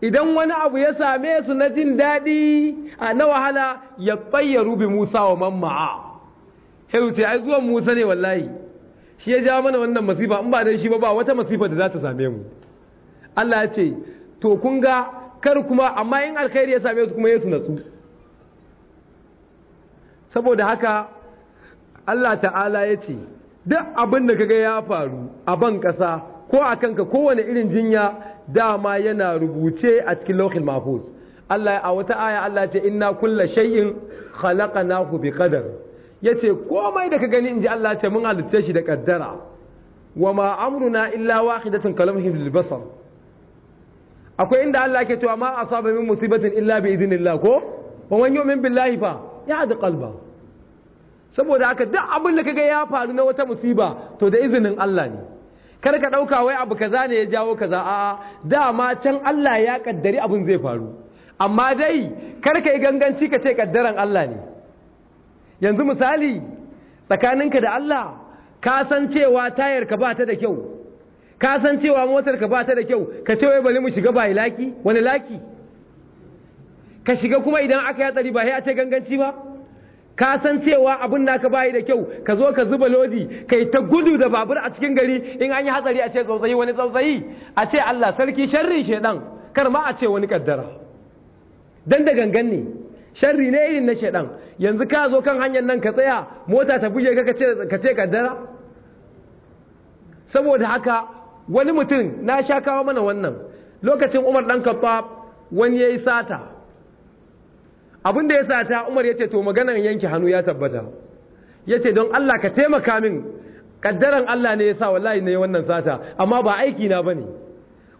idan wani abu ya same su na jin daɗi a na wahala ya bayyaru bi Musa wa mamma'a sai ce ai zuwan Musa ne wallahi shi ya ja mana wannan masifa in ba dan shi ba ba wata masifa da za ta same mu Allah ya ce to kun ga kar kuma amma in alkhairi ya same su kuma yesu natsu saboda haka Allah ta'ala ya ce duk abin da kaga ya faru a ban ƙasa ko a kanka kowane irin jinya dama yana rubuce a cikin lokacin mafus Allah a wata aya Allah ce inna kulla shay'in khalaqnahu bi qadar yace komai da ka gani ji Allah ce mun halitta shi da kaddara wa ma amruna illa wahidatun kalamhi bil basar akwai inda Allah ke cewa ma asaba min musibatin illa bi idnillah ko wa man yu'min billahi fa ya'd saboda aka duk abin da kaga ya faru na wata musiba to da izinin Allah ne kar ka dauka wai abu kaza ne ya jawo kaza a dama can Allah ya kaddari abin zai faru amma dai kar ka yi ganganci ka ce kaddaran Allah ne yanzu misali tsakaninka da Allah ka san cewa tayar ka ba ta da kyau ka san cewa motar ka ba ta da kyau ka ce wai bari mu shiga ba laki wani laki ka shiga kuma idan aka yi hatsari ba sai a ce ganganci ba ka san cewa abin naka bayi da kyau ka zo ka zuba lodi kai ta gudu da babur a cikin gari in an yi hatsari a ce tsautsayi wani tsautsayi a ce Allah sarki sharri shedan kar ma a ce wani kaddara dan da gangan ne sharri ne irin na shedan yanzu ka zo kan hanyar nan ka tsaya mota ta buge ka ka ce kaddara saboda haka wani mutum na sha kawo mana wannan lokacin Umar dan Khattab wani yayi sata abin da ya sa ta umar ya ce to maganar yanke hannu ya tabbata ya ce don Allah ka taimaka min kaddaran Allah ne ya sa wallahi ne wannan sata amma ba aiki na ne.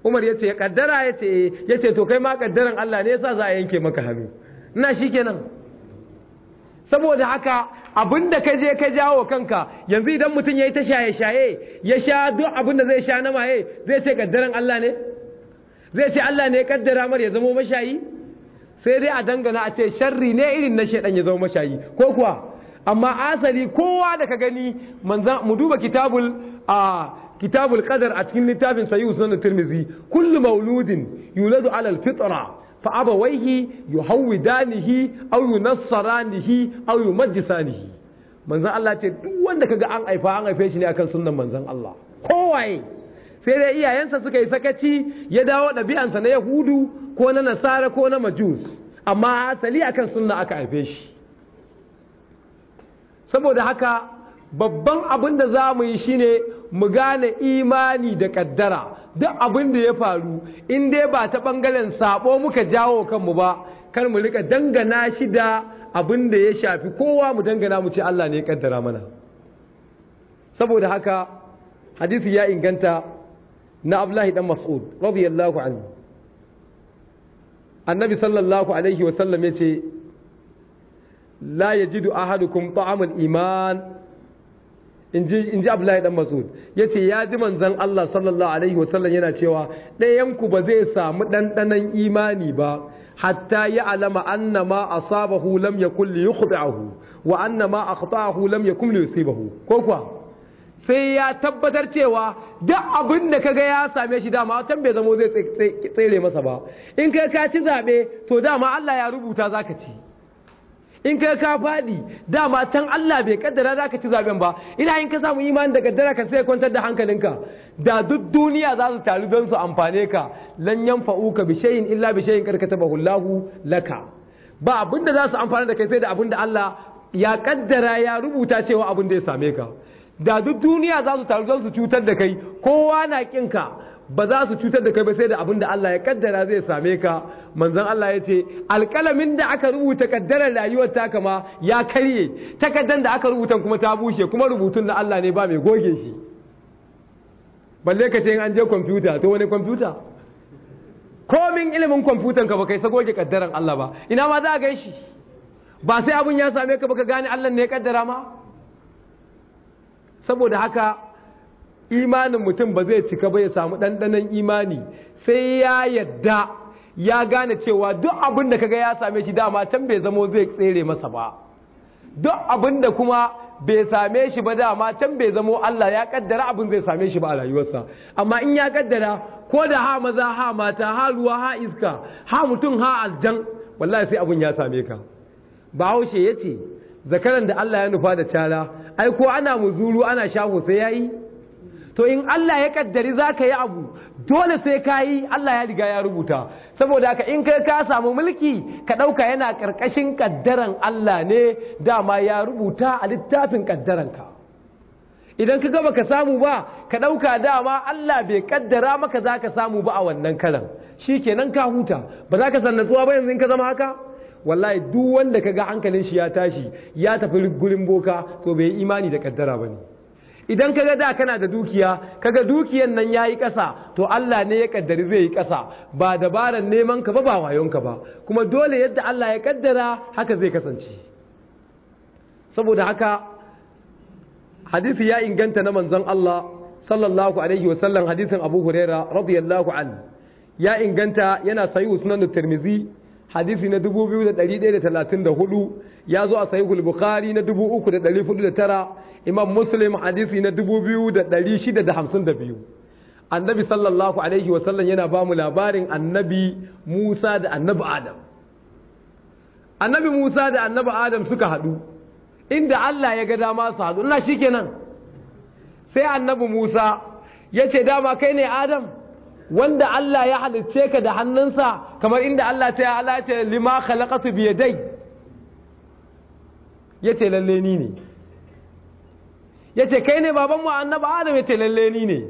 umar ya ce kaddara ya ce eh. ya ce to kai ma kaddaran Allah ne ya sa za a yanke maka hannu ina kenan saboda haka abin da ka je ka jawo kanka yanzu idan mutum ya yi ta shaye-shaye ya sha duk abin da zai sha na maye zai ce kaddaran Allah ne zai ce Allah ne ya kaddara mar ya zamo mashayi sai dai a dangana a ce sharri ne irin na shaidan ya zama mashayi ko kuwa amma asali kowa da ka gani mu duba kitabul a kitabul qadar a cikin littafin sayyid sunan tirmizi kullu mauludin yuladu ala alfitra fa abawaihi yuhawidanihi aw yunassaranihi aw yumajjisanihi manzan Allah ce duk wanda ka ga an aifa, an aife shi ne akan sunnan manzon Allah kowaye sai dai iyayensa suka yi sakaci ya dawo ɗabi'ansa na yahudu ko na nasara ko na majus amma asali akan sunna aka haife shi saboda haka babban abin da za mu yi shine mu gane imani da kaddara duk abin da ya faru in dai ba ta ɓangaren sabo muka jawo kanmu ba kar mu rika dangana shi da abin da ya shafi kowa mu dangana mu ce Allah ne ya kaddara mana saboda haka hadisi ya inganta na abdullahi dan mas'ud radiyallahu anhu annabi sallallahu alaihi wa wasallam yace la yajidu ahadukum ta'amul iman inji inji abdullahi dan mas'ud yace ya ji manzon Allah sallallahu alaihi wa sallam yana cewa ɗayan ku ba zai samu dandanan imani ba hatta ya alama anna ma asabahu lam yakul li yukhdahu wa anna ma akhtaahu lam yakul li yusibahu ko kuwa sai ya tabbatar cewa duk abin da kaga ya same shi dama can bai zama zai tsere masa ba in kai ka ci zaɓe to dama Allah ya rubuta za ci in kai ka faɗi dama can Allah bai kaddara za ka ci zaɓen ba ina in ka samu imanin da kaddara ka sai kwantar da hankalinka da duk duniya za su taru don su amfane ka lan yanfa'uka bi shay'in illa bi shay'in karkatabahu Allahu laka ba abin da za su amfana da kai sai da abin da Allah ya kaddara ya rubuta cewa abin da ya same ka da duk duniya za su taru don su cutar da kai kowa na kinka ba za su cutar da kai ba sai da abin da Allah ya kaddara zai same ka manzon Allah ya ce alƙalamin da aka rubuta kaddarar rayuwar ta kama ya karye takardar da aka rubuta kuma ta bushe kuma rubutun na Allah ne ba mai goge shi balle ka ce in an je kwamfuta to wani kwamfuta komin ilimin kwamfutan ka ba kai sagoge kaddaran Allah ba ina ma za a gaishe ba sai abun ya same ka ba ka gane Allah ne ya kaddara ma saboda haka imanin mutum ba zai cika ba ya samu ɗanɗanon imani sai ya yadda ya gane cewa duk abin da kaga ya same shi dama can bai zamo zai tsere masa ba duk abin da kuma bai same shi ba dama can bai zamo Allah ya kaddara abin zai same shi ba a rayuwarsa amma in ya kaddara ko da ha maza ha mata ha ruwa ha iska ha mutum ha aljan wallahi sai abin ya same ka bahaushe ya ce zakaran da Allah ya nufa da cara ai ko ana muzuru ana shahu sai yayi to in Allah ya kaddari zaka yi abu dole sai ka Allah ya riga ya rubuta saboda haka in kai ka samu mulki ka dauka yana karkashin kaddaran Allah ne dama ya rubuta a littafin ka. idan ka gaba ka samu ba ka dauka dama Allah bai kaddara maka zaka samu ba a wannan karan shikenan ka huta ba za ka san natsuwa ba yanzu in ka zama haka wallahi duk wanda kaga hankalin shi ya tashi ya tafi gurin boka to bai imani da kaddara bane idan kaga da kana da dukiya kaga dukiyan nan yayi kasa to Allah ne ya kaddari zai yi kasa ba dabaran neman ka ba ba wayon ka ba kuma dole yadda Allah ya kaddara haka zai kasance saboda haka hadisi ya inganta na manzon Allah sallallahu alaihi wa sallam hadisin Abu Huraira radiyallahu anhu ya inganta yana sahihu sunan Tirmidhi hadisi na 2134 ya zo a sahihul bukhari na 3409 imam muslim hadisi na 2652 annabi sallallahu alaihi wa sallam yana ba mu labarin annabi musa da annabi adam annabi musa da annabi adam suka haɗu inda allah ya ga dama su haɗu ina shikenan sai annabi musa ya ce dama kai ne adam wanda Allah ya halicce ka da hannunsa kamar inda Allah ta yi halace lima khalaqatu bi yace lalle ni ne yace kai ne baban mu annabi Adam yace lalle ni ne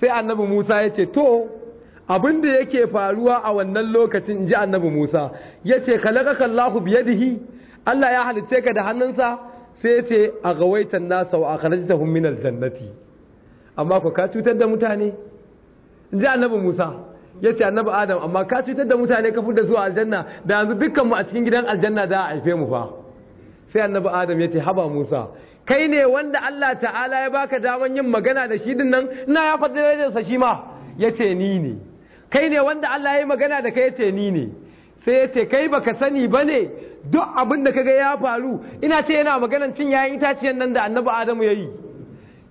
sai annabi Musa yace to abinda yake faruwa a wannan lokacin ji annabi Musa yace khalaqaka Allahu biya dihi Allah ya halicce ka da hannunsa sai yace a gawaitan nasa wa akhrajtahum min aljannati amma ko ka cutar da mutane ji annabi musa ya ce annabi adam amma ka cutar da mutane ka da zuwa aljanna da yanzu dukkanmu a cikin gidan aljanna za a haife mu fa sai annabi adam ya ce haba musa kai ne wanda allah ta'ala ya baka daman yin magana da shi dinnan ina ya faɗi darajarsa shi ma ya ce ni ne kai ne wanda allah ya yi magana da kai ya ce ni ne sai ya ce kai baka sani ba ne duk abin da ka ga ya faru ina ce yana maganar cin yayin itaciyar nan da annabi adamu ya yi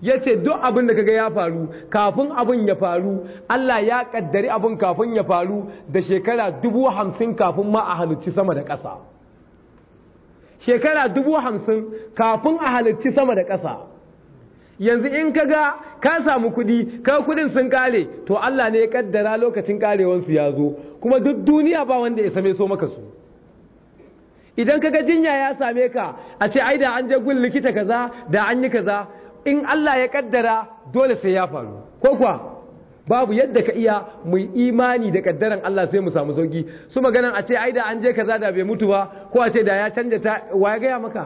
ya ce duk abin da kaga ya faru kafin abin ya faru Allah ya kaddari abin kafin ya faru da shekara dubu hamsin kafin ma a halicci sama da ƙasa shekara dubu hamsin kafin a halicci sama da ƙasa yanzu in kaga ka samu kudi ka kudin sun kare to Allah ne ya kaddara lokacin karewansu ya zo kuma duk duniya ba wanda ya same so maka su idan kaga jinya ya same ka a ce ai da an je gun likita kaza da an yi kaza in Allah ya kaddara dole sai ya faru ko kuwa babu yadda ka iya mu imani da kaddaran Allah sai mu samu sauki su maganan a ce ai da an je kaza da bai mutu ba ko a ce da ya canja ta wa ya gaya maka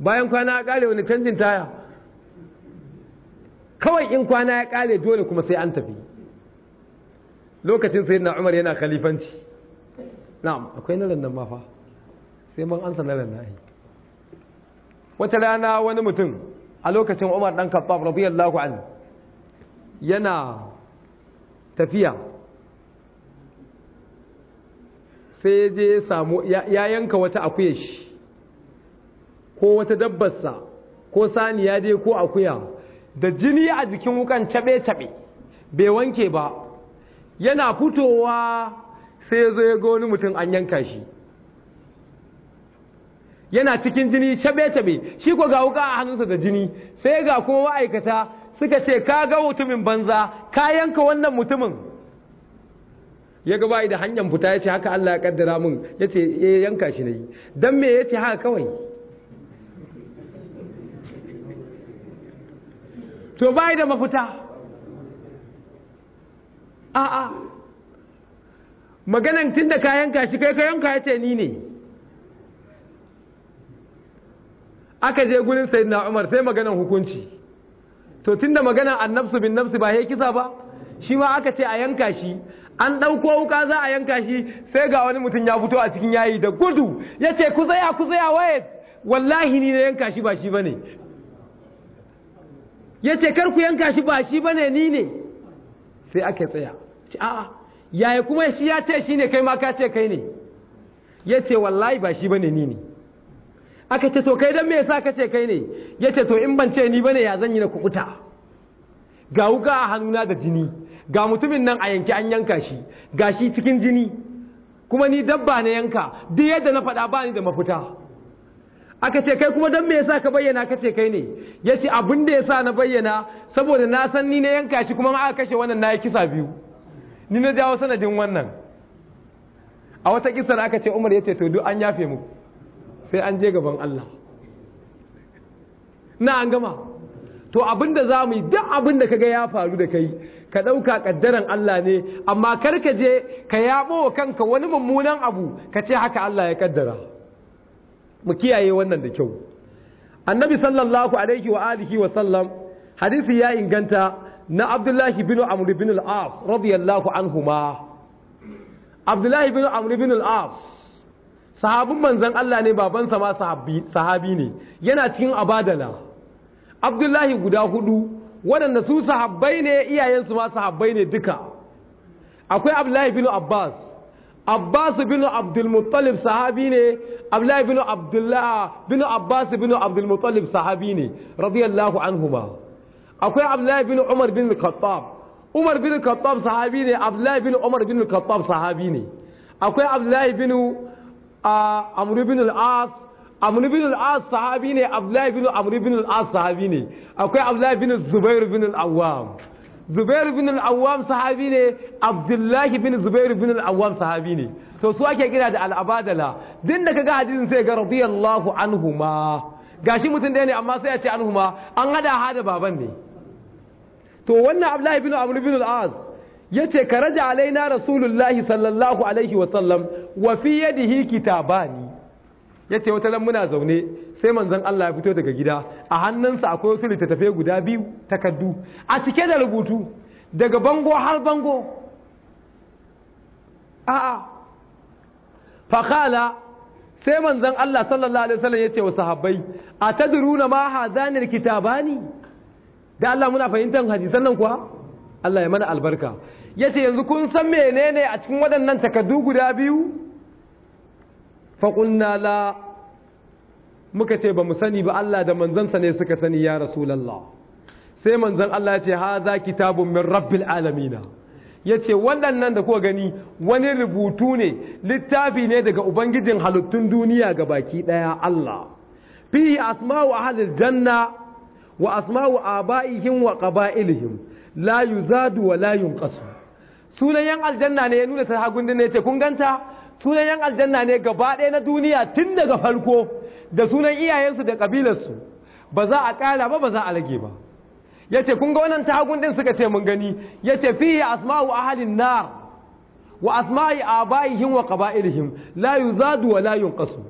bayan kwana ya kare wani canjin taya kawai in kwana ya kare dole kuma sai an tafi lokacin na Umar yana khalifanci na'am akwai nalan nan ma fa sai man ansa nalan nahi wata rana wani mutum a lokacin Umar dan Khattab radiyallahu yana tafiya sai je samu ya yanka wata akuya shi ko wata dabbarsa ko sani ya dai ko akuya da jini a jikin wukan cabe-cabe bai wanke ba yana fitowa sai ya zo ya ga wani mutum an yanka shi yana cikin jini shabe-shabe shi ko ga wuka a hannunsa da jini sai ga kuma ma'aikata suka ce ka ga mutumin banza ka yanka wannan mutumin ya ga bai da hanyar fita ya ce haka Allah ya kaddara min ya ce ya eh, yanka shi ne don me ya ce haka kawai to bai da mafita a'a maganan tun da ka yanka shi kai ka yanka ya ce ni ne aka je gurin sayyidina Umar sai maganan hukunci to tunda maganan Nafsu bin nafsi ba ya kisa ba shi ma aka ce a yanka shi an ɗauko wuka za a yanka shi sai ga wani mutum ya fito a cikin yayi da gudu ya ce ku tsaya ku tsaya waye wallahi ni na yanka shi ba shi ba ne ya ce kar ku yanka shi ba shi ba ne ni ne sai aka tsaya a'a yaya kuma shi ya ce shi ne kai ma ka ce kai ne ya ce wallahi ba shi ba ne ni ne aka ce to kai don me yasa kace kai ne Yace to in ban ce ni bane ya zan yi na kukuta ga wuka a hannuna da jini ga mutumin nan a yanki an yanka shi ga shi cikin jini kuma ni dabba na yanka duk yadda na faɗa ba ni da mafita aka ce kai kuma don me yasa ka bayyana kace kai ne ya ce abin da yasa na bayyana saboda na san ni na yanka shi kuma aka kashe wannan na kisa biyu ni na jawo sanadin wannan a wata kisar aka ce umar yace to duk an yafe muku sai an je gaban Allah na an gama to abinda za mu yi duk abinda kaga ya faru da kai ka ɗauka kaddaran Allah ne amma kar ka je ka yabo wa kanka wani mummunan abu ka ce haka Allah ya ƙaddara mu kiyaye wannan da kyau annabi sallallahu alaihi wa alihi wa sallam hadisi ya inganta na abdullahi bin amr bin al-as radiyallahu anhuma abdullahi bin amr bin al-as sahabin manzan Allah ne babansa ma sahabi ne yana cikin abadala abdullahi guda hudu waɗanda su sahabbai ne iyayensu ma sahabbai ne duka akwai abdullahi bin abbas abbas bin abdulmuttalib sahabi ne abdullahi bin abdullah bin abbas bin abdulmuttalib sahabi ne radiyallahu anhuma akwai abdullahi bin umar bin khattab umar bin khattab sahabi ne abdullahi bin umar bin khattab sahabi ne akwai abdullahi bin a amru bin al-as al-as sahabi ne abdullahi bin amru bin al-as sahabi ne akwai abdullahi bin zubair bin al-awwam zubair bin al-awwam sahabi ne abdullahi bin zubair bin al-awwam sahabi ne to su ake kira da al-abadala din da kaga hadisin sai ga radiyallahu anhuma gashi mutum da ne amma sai ya ce anhuma an hada hada baban ne to wannan abdullahi bin amr bin al-as ya ce ka raja alaina rasulullahi sallallahu alaihi wa sallam. wa fi yadihi kitabani yace wata dan muna zaune sai manzon Allah ya fito daga gida a hannunsa akwai wasu littattafai guda biyu takaddu a cike da rubutu daga bango har bango a'a fakala sai manzon Allah sallallahu alaihi wasallam yace wa sahabbai atadruna ma hadanil kitabani da Allah muna fahimtar hadisan nan kuwa Allah ya mana albarka ya ce yanzu kun san menene a cikin waɗannan takardu guda biyu faƙunnala la muka ce ba mu sani ba Allah da manzansa ne suka sani ya rasu rasulallah sai manzan Allah ya ce ha za kitabun min rabbil alamina ya ce waɗannan da kuwa gani wani rubutu ne littafi ne daga ubangijin halittun duniya ga baki ɗaya Allah fi asma'u ahlil janna wa asma'u aba'ihim wa qaba'ilihim la yuzadu wa la ƙasu. sunan yan aljanna ne ya nuna ta hagun ne ce kun ganta sunan yan aljanna ne gaba ɗaya na duniya tun daga farko da sunan iyayensu da ƙabilarsu ba za a ƙara ba ba za a rage ba ya ce kun ga wannan ta hagun ɗin suka ce mun gani ya ce fiye asma'u ahalin na wa asma'i abayihim wa qaba'ilihim la yuzadu wa la yunqasu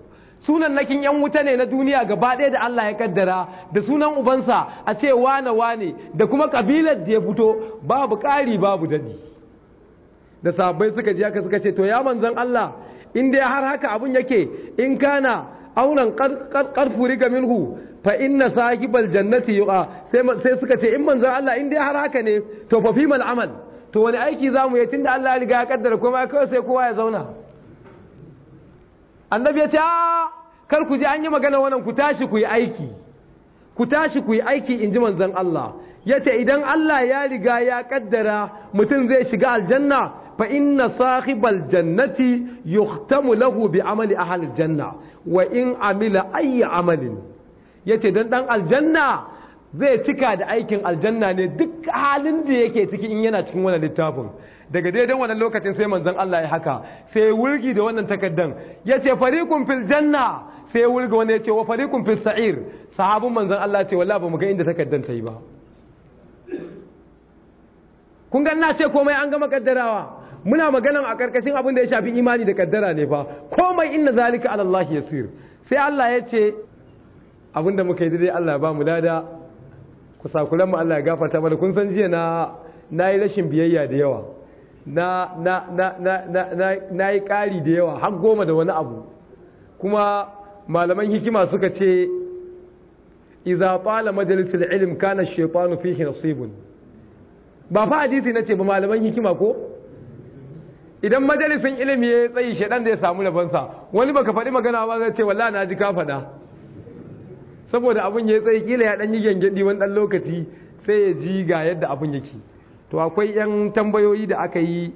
sunan nakin yan wuta ne na duniya gaba ɗaya da Allah ya kaddara da sunan ubansa a ce wane wane da kuma kabilar da ya fito babu ƙari babu daɗi. da sabai suka ji haka suka ce to ya manzan Allah in dai har haka abun yake in kana auren karfuri ga minhu fa inna sahibal jannati yu'a sai suka ce in manzan Allah in dai har haka ne to fa fimal amal to wani aiki zamu yi tunda Allah ya riga ya kaddara kuma kawai sai kowa ya zauna annabi ya ce a, kar ku ji an yi magana wannan ku tashi ku yi aiki ku tashi ku yi aiki in ji manzon Allah yace idan Allah ya riga ya kaddara mutum zai shiga aljanna fa inna sahibal jannati yuhtamu lahu bi amali ahli janna wa in amila ayi amalin yace dan dan aljanna zai cika da aikin aljanna ne duk halin da yake ciki in yana cikin wannan littafin daga daidan wannan lokacin sai manzon Allah ya haka sai wurgi da wannan takaddan yace fariqun fil janna sai wurga wani yace wa fariqun fis sa'ir sahabun manzon Allah ce wallahi ba mu ga inda takaddan ta yi ba kun ga na ce komai an gama kaddarawa muna maganan a karkashin abin da ya shafi imani da kaddara ne fa komai inna zalika ala Allah yasir sai Allah ya ce abin da muka yi dai Allah ya ba mu dada ku sakuran mu Allah ya gafarta mana kun san jiya na nayi rashin biyayya da yawa na na na na na nayi kari da yawa har goma da wani abu kuma malaman hikima suka ce idza tala majalisul ilm kana ash-shaytanu fihi nasibun ba fa hadisi ce ba malaman hikima ko idan majalisin ilimi ya tsayi shedan da ya samu labansa wani baka faɗi magana ba zai ce wallahi na ji ka faɗa saboda abun ya tsayi kila ya dan yi gengedi wani dan lokaci sai ya ji ga yadda abun yake to akwai yan tambayoyi da aka yi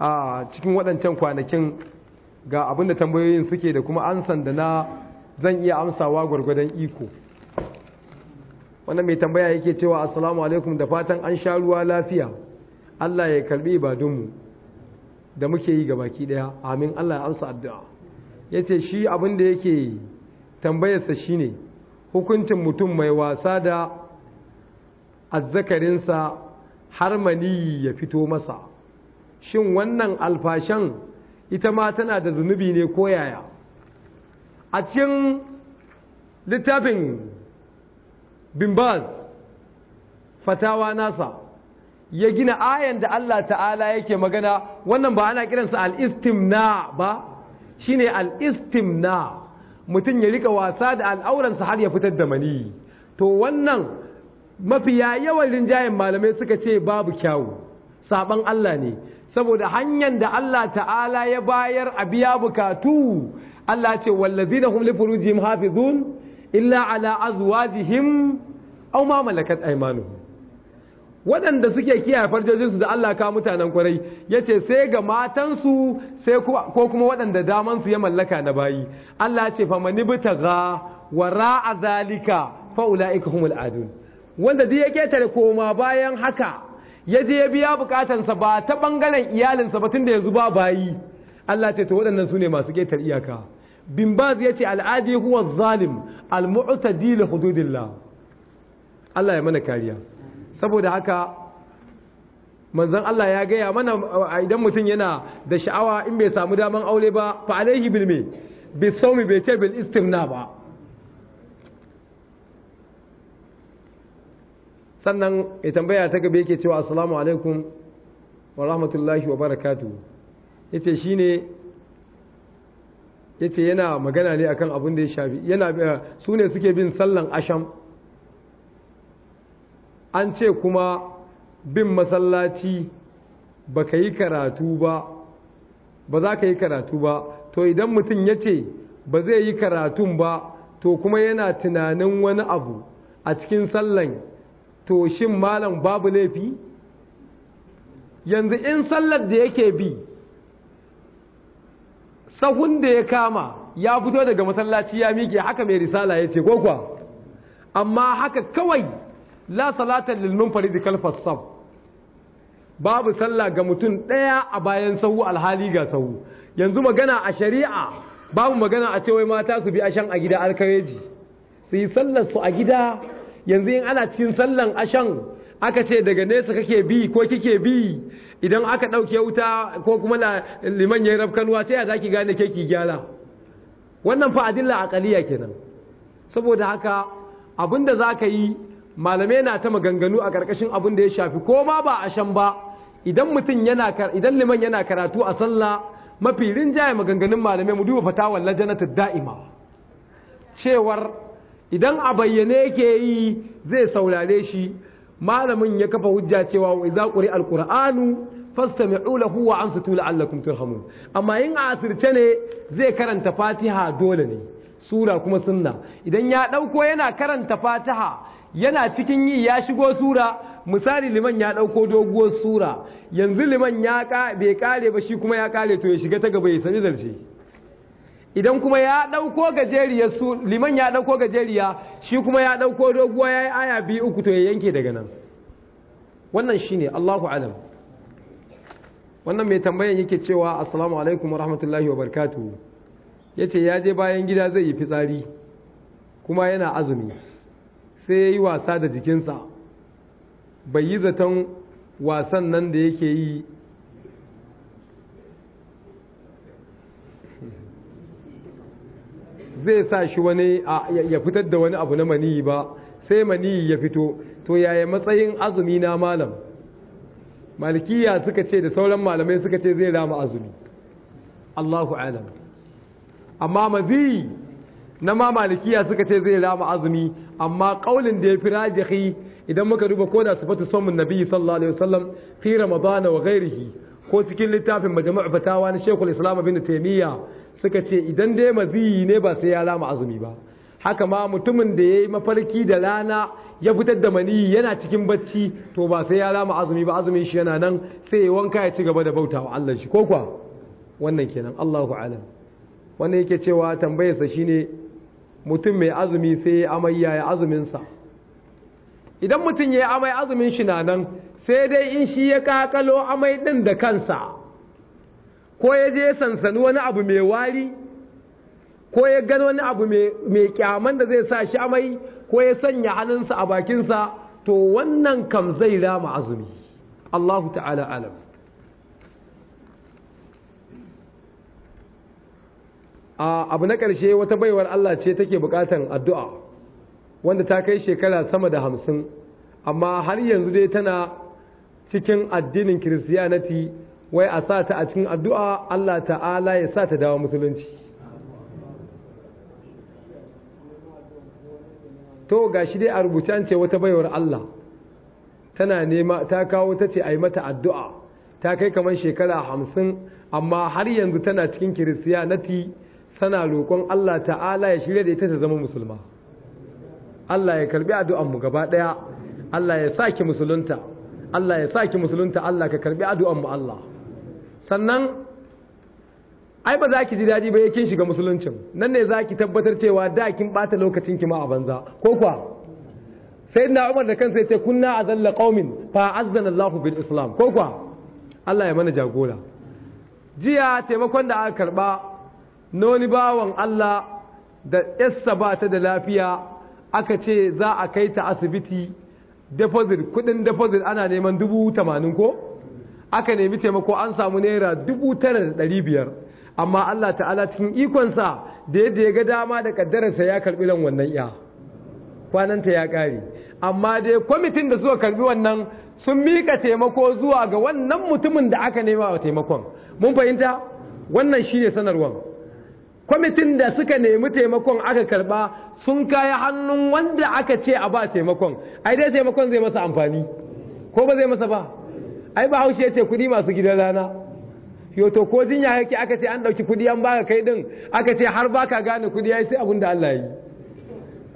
a cikin waɗancan kwanakin ga abin da tambayoyin suke da kuma ansan da na zan iya amsawa gwargwadon iko wannan mai tambaya yake cewa assalamu alaikum da fatan an sha ruwa lafiya Allah ya karbi ibadunmu da muke yi gabaki daya amin Allah ya amsa addu'a yace shi abin da yake tambayarsa shine hukuncin mutum mai wasa da azzakarinsa har maniyi ya fito masa shin wannan alfashan ita ma tana da zunubi ne ko yaya a cikin littafin bin baz fatawa nasa ya gina ayan da Allah ta'ala yake magana wannan ba ana kiransa al-istimna ba shine al-istimna mutum ya rika wasa da al'auransa har ya fitar da mani to wannan mafiya yawan rinjayen malamai suka ce babu kyawu saban Allah ne saboda hanyar da Allah ta'ala ya bayar a biya bukatu Allah ce wallazina hum li hafi hafizun illa ala azwajihim aw ma malakat aymanuhum waɗanda suke kiyaye su da Allah ka mutanen kwarai ya ce sai ga matansu sai ko kuma daman su ya mallaka na bayi Allah ce fa man ibtaga wara a zalika ulaika humul adun wanda duk ya ketare koma bayan haka ya je ya biya bukatansa ba ta ɓangaren iyalinsa ba tun da yanzu ba bayi Allah ce to wadannan su ne masu ketar iyaka bin baz yace al'adi huwa zalim al li hududillah Allah ya mana kariya saboda haka manzon Allah ya gaya mana idan mutum yana da sha'awa in bai samu daman aure ba fa alaihi bil me bi sawmi bai ce bil istimna ba sannan ya tambaya ta gaba yake cewa assalamu alaikum wa rahmatullahi wa barakatuh yace shine yace yana magana ne akan abin da ya shafi yana eh, su ne suke bin sallan asham an ce kuma bin masallaci ba ka yi karatu ba ba za ka yi karatu ba to idan mutum ya ce ba zai yi karatun ba to kuma yana tunanin wani abu a cikin sallan to shin malam babu laifi yanzu in sallar da yake bi sahun da ya kama ya fito daga masallaci ya miƙe haka mai risala ya ce kwakwa amma haka kawai la salatar lilmin kalfas kalfasaf babu sallah ga mutum ɗaya a bayan sahu alhali ga sahu yanzu magana a shari'a babu magana a cewai mata su bi ashan a gida alkareji su yi sallar su a gida yanzu in ana cikin sallan ashan aka ce daga nesa kake bi ko kike bi idan aka ɗauke wuta ko kuma liman ya yi rafkanuwa sai ya za ki gane ke ki gyara wannan fa a aqaliya kenan saboda haka abinda za ka yi malamai na ta maganganu a ƙarƙashin abin da ya shafi ko ma ba a shan ba idan mutum yana idan liman yana karatu a sallah mafi rinjaye maganganun malamai mu duba fatawar lajanatul da'ima cewar idan a bayyane yake yi zai saurare shi malamin ya kafa hujja cewa wa idza quri alqur'anu fastami'u lahu wa ansitu la'allakum turhamun amma in asirce ne zai karanta fatiha dole ne sura kuma sunna idan ya dauko yana karanta fatiha yana cikin yi ya shigo sura misali liman ya dauko doguwar sura yanzu liman ya ka bai kare ba shi kuma ya kare to ya shiga ta gaba ya sani zarce idan kuma ya ɗauko gajeriya su liman ya ɗauko gajeriya shi kuma ya ɗauko doguwa ya yi aya biyu uku to ya yanke daga nan wannan shi ne allahu alam wannan mai tambayan yake cewa assalamu alaikum wa rahmatullahi wa barkatu ya ce ya je bayan gida zai yi fitsari kuma yana azumi sai ya yi wasa da jikinsa bai yi zaton wasan nan da yake yi zai sa shi wani ya fitar da wani abu na maniyi ba sai maniyi ya fito to yaya matsayin azumi na malam malikiya suka ce da sauran malamai suka ce zai rama azumi Allahu alam amma mazi na ma malikiya suka ce zai rama azumi amma kaulin da ya fi rajihi idan muka duba ko da sifatu sunnan nabi sallallahu alaihi wasallam fi wa ghairihi ko cikin littafin majmu'u fatawa na shekul islam ibn taymiya suka ce idan dai maziyi ne ba sai ya rama azumi ba haka ma mutumin da ya yi mafarki da rana ya fitar da mani yana cikin bacci to ba sai ya rama azumi ba azumin shi yana nan sai ya wanka ya ci gaba da bauta wa Allah shi ko kuwa wannan kenan Allahu alam wannan yake cewa tambayarsa shine mutum mai azumi sai ya ya azumin sa idan mutum ya amai azumin shi na nan sai dai in shi ya kakalo amai din da kansa ko ya je sansani wani abu mai wari ko ya gani wani abu mai kyaman da zai sa shi amai ko ya sanya hannunsa a bakinsa to wannan kam zai rama azumi Allahu ta'ala alam abu na ƙarshe wata baiwar Allah ce take buƙatan addu'a wanda ta kai shekara sama da hamsin amma har yanzu dai tana cikin addinin kiristiyanati wai a sa a cikin addu'a Allah ta'ala ya sa ta dawo musulunci to ga shi dai a ce wata baiwar Allah tana nema ta kawo ta ce a yi mata addu'a ta kai kamar shekara hamsin amma har yanzu tana cikin kiristiyanati sana roƙon Allah ta'ala ya shirya da ita ta zama musulma Allah ya karbi addu'anmu gaba ɗaya Allah ya sake musulunta Allah ya sake musulunta Allah ka karbi addu'anmu Allah sannan ai ba za ki ji daɗi ba kin shiga musuluncin nan ne za ki tabbatar cewa da kin bata lokacin ki ma a banza ko kuwa sai na umar da kansa ya ce kunna a zalla ƙaumin fa azzan allahu bil islam ko kuwa allah ya mana jagora jiya taimakon da aka karɓa noni bawan allah da yassa ba ta da lafiya aka ce za a kai ta asibiti deposit kuɗin deposit ana neman dubu tamanin ko aka nemi taimako an samu naira dubu tara da ɗari biyar amma Allah ta'ala cikin ikonsa da yadda ya ga dama da kaddararsa ya karɓi ran wannan ya kwananta ya ƙare amma dai kwamitin da suka karɓi wannan sun miƙa taimako zuwa ga wannan mutumin da aka nema a taimakon mun fahimta wannan shine sanarwar kwamitin da suka nemi taimakon aka karɓa, sun kaya hannun wanda aka ce a ba taimakon ai dai taimakon zai masa amfani ko ba zai masa ba ai ba haushe ce kuɗi masu gidan rana Yau to ko jinya yake aka ce an ɗauki kuɗi an baka kai ɗin aka ce har baka gane kuɗi ya yi sai abin da Allah yi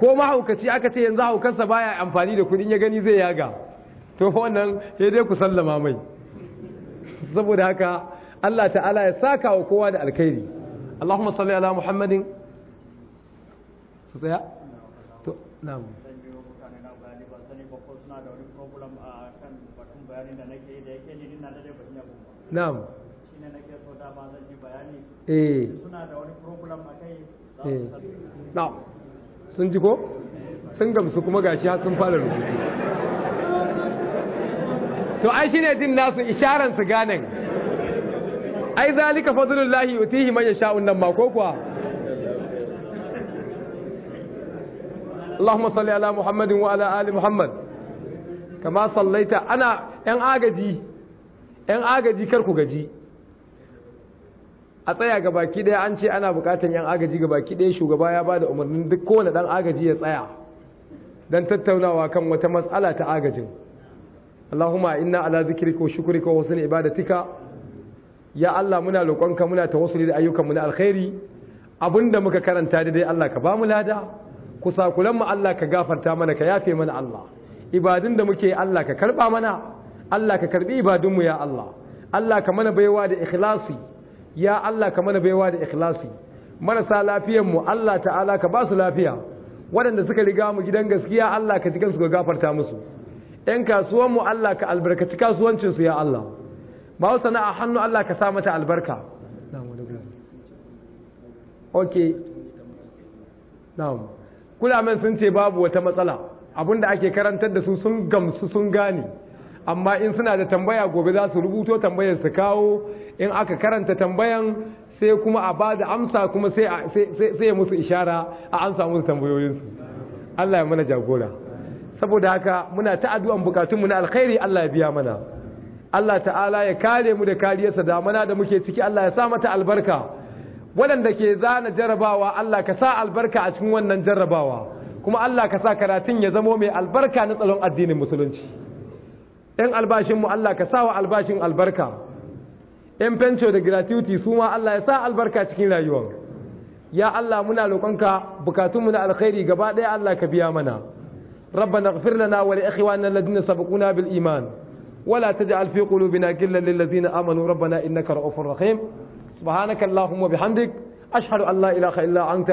ko mahaukaci aka ce yanzu haukarsa baya amfani da kudin ya gani zai yaga to wannan ya dai ku sallama mai saboda haka Allah ta'ala ya saka wa kowa da alkhairi Allahumma salli ala Muhammadin su tsaya to na'am bayanin da nake eh. sun ji ko sun gamsu kuma gashi har sun fara rubutu to ai shine din nasu isharan su ganin ai zalika fadlullahi yutihi man yasha'u nan ma ko kuwa اللهم صل على محمد وعلى آل محمد kama sallaita ana yan agaji yan agaji kar gaji a tsaya ga baki ɗaya an ce ana bukatan yan agaji ga baki ɗaya shugaba ya bada umarnin duk kowane dan agaji ya tsaya don tattaunawa kan wata matsala ta agajin Allahumma inna ala shukuru ko shukrika ne ibada ibadatika ya Allah muna roƙonka muna ta wasu da ayyukanmu na alkhairi abinda muka karanta da dai Allah ka ba mu lada kusakulan mu Allah ka gafarta mana ka yafe mana Allah ibadun da muke Allah ka karba mana Allah ka karbi ibadunmu ya Allah Allah ka mana baiwa da ikhlasi ya Allah ka mana baiwa da ikhlasi marasa lafiyanmu Allah ta'ala ka ba su lafiya waɗanda suka riga mu gidan gaskiya Allah ka cikin su ga gafarta musu ‘yan kasuwanmu Allah ka albarkaci kasuwancinsu ya Allah ba sana'a hannu Allah ka sa mata albarka ok na'am kula min sun ce babu wata matsala da ake karantar da su sun gamsu sun gane amma in suna da tambaya gobe za su rubuto tambayar su kawo in aka karanta tambayan sai kuma a ba da amsa kuma sai ya musu ishara a amsa musu tambayoyinsu Allah ya mana jagora saboda haka muna ta addu'an bukatunmu na alkhairi Allah ya biya mana Allah ta'ala ya kare mu da kariyarsa da mana da muke ciki Allah ya sa mata albarka waɗanda ke zana jarrabawa Allah ka sa albarka a cikin wannan jarrabawa. kuma Allah ka sa karatun ya zamo mai albarka na tsaron addinin musulunci ɗan albashinmu Allah ka sa wa albashin albarka ‘yan fenco da gratuity su ma Allah ya sa albarka cikin rayuwar ya Allah muna roƙonka bukatunmu na alkhairi gaba ɗaya Allah ka biya mana rabbana ighfir lana wa li ikhwanina alladhina bil iman ولا تجعل في قلوبنا غلا للذين امنوا ربنا انك رؤوف رحيم سبحانك اللهم وبحمدك اشهد ان لا اله الا انت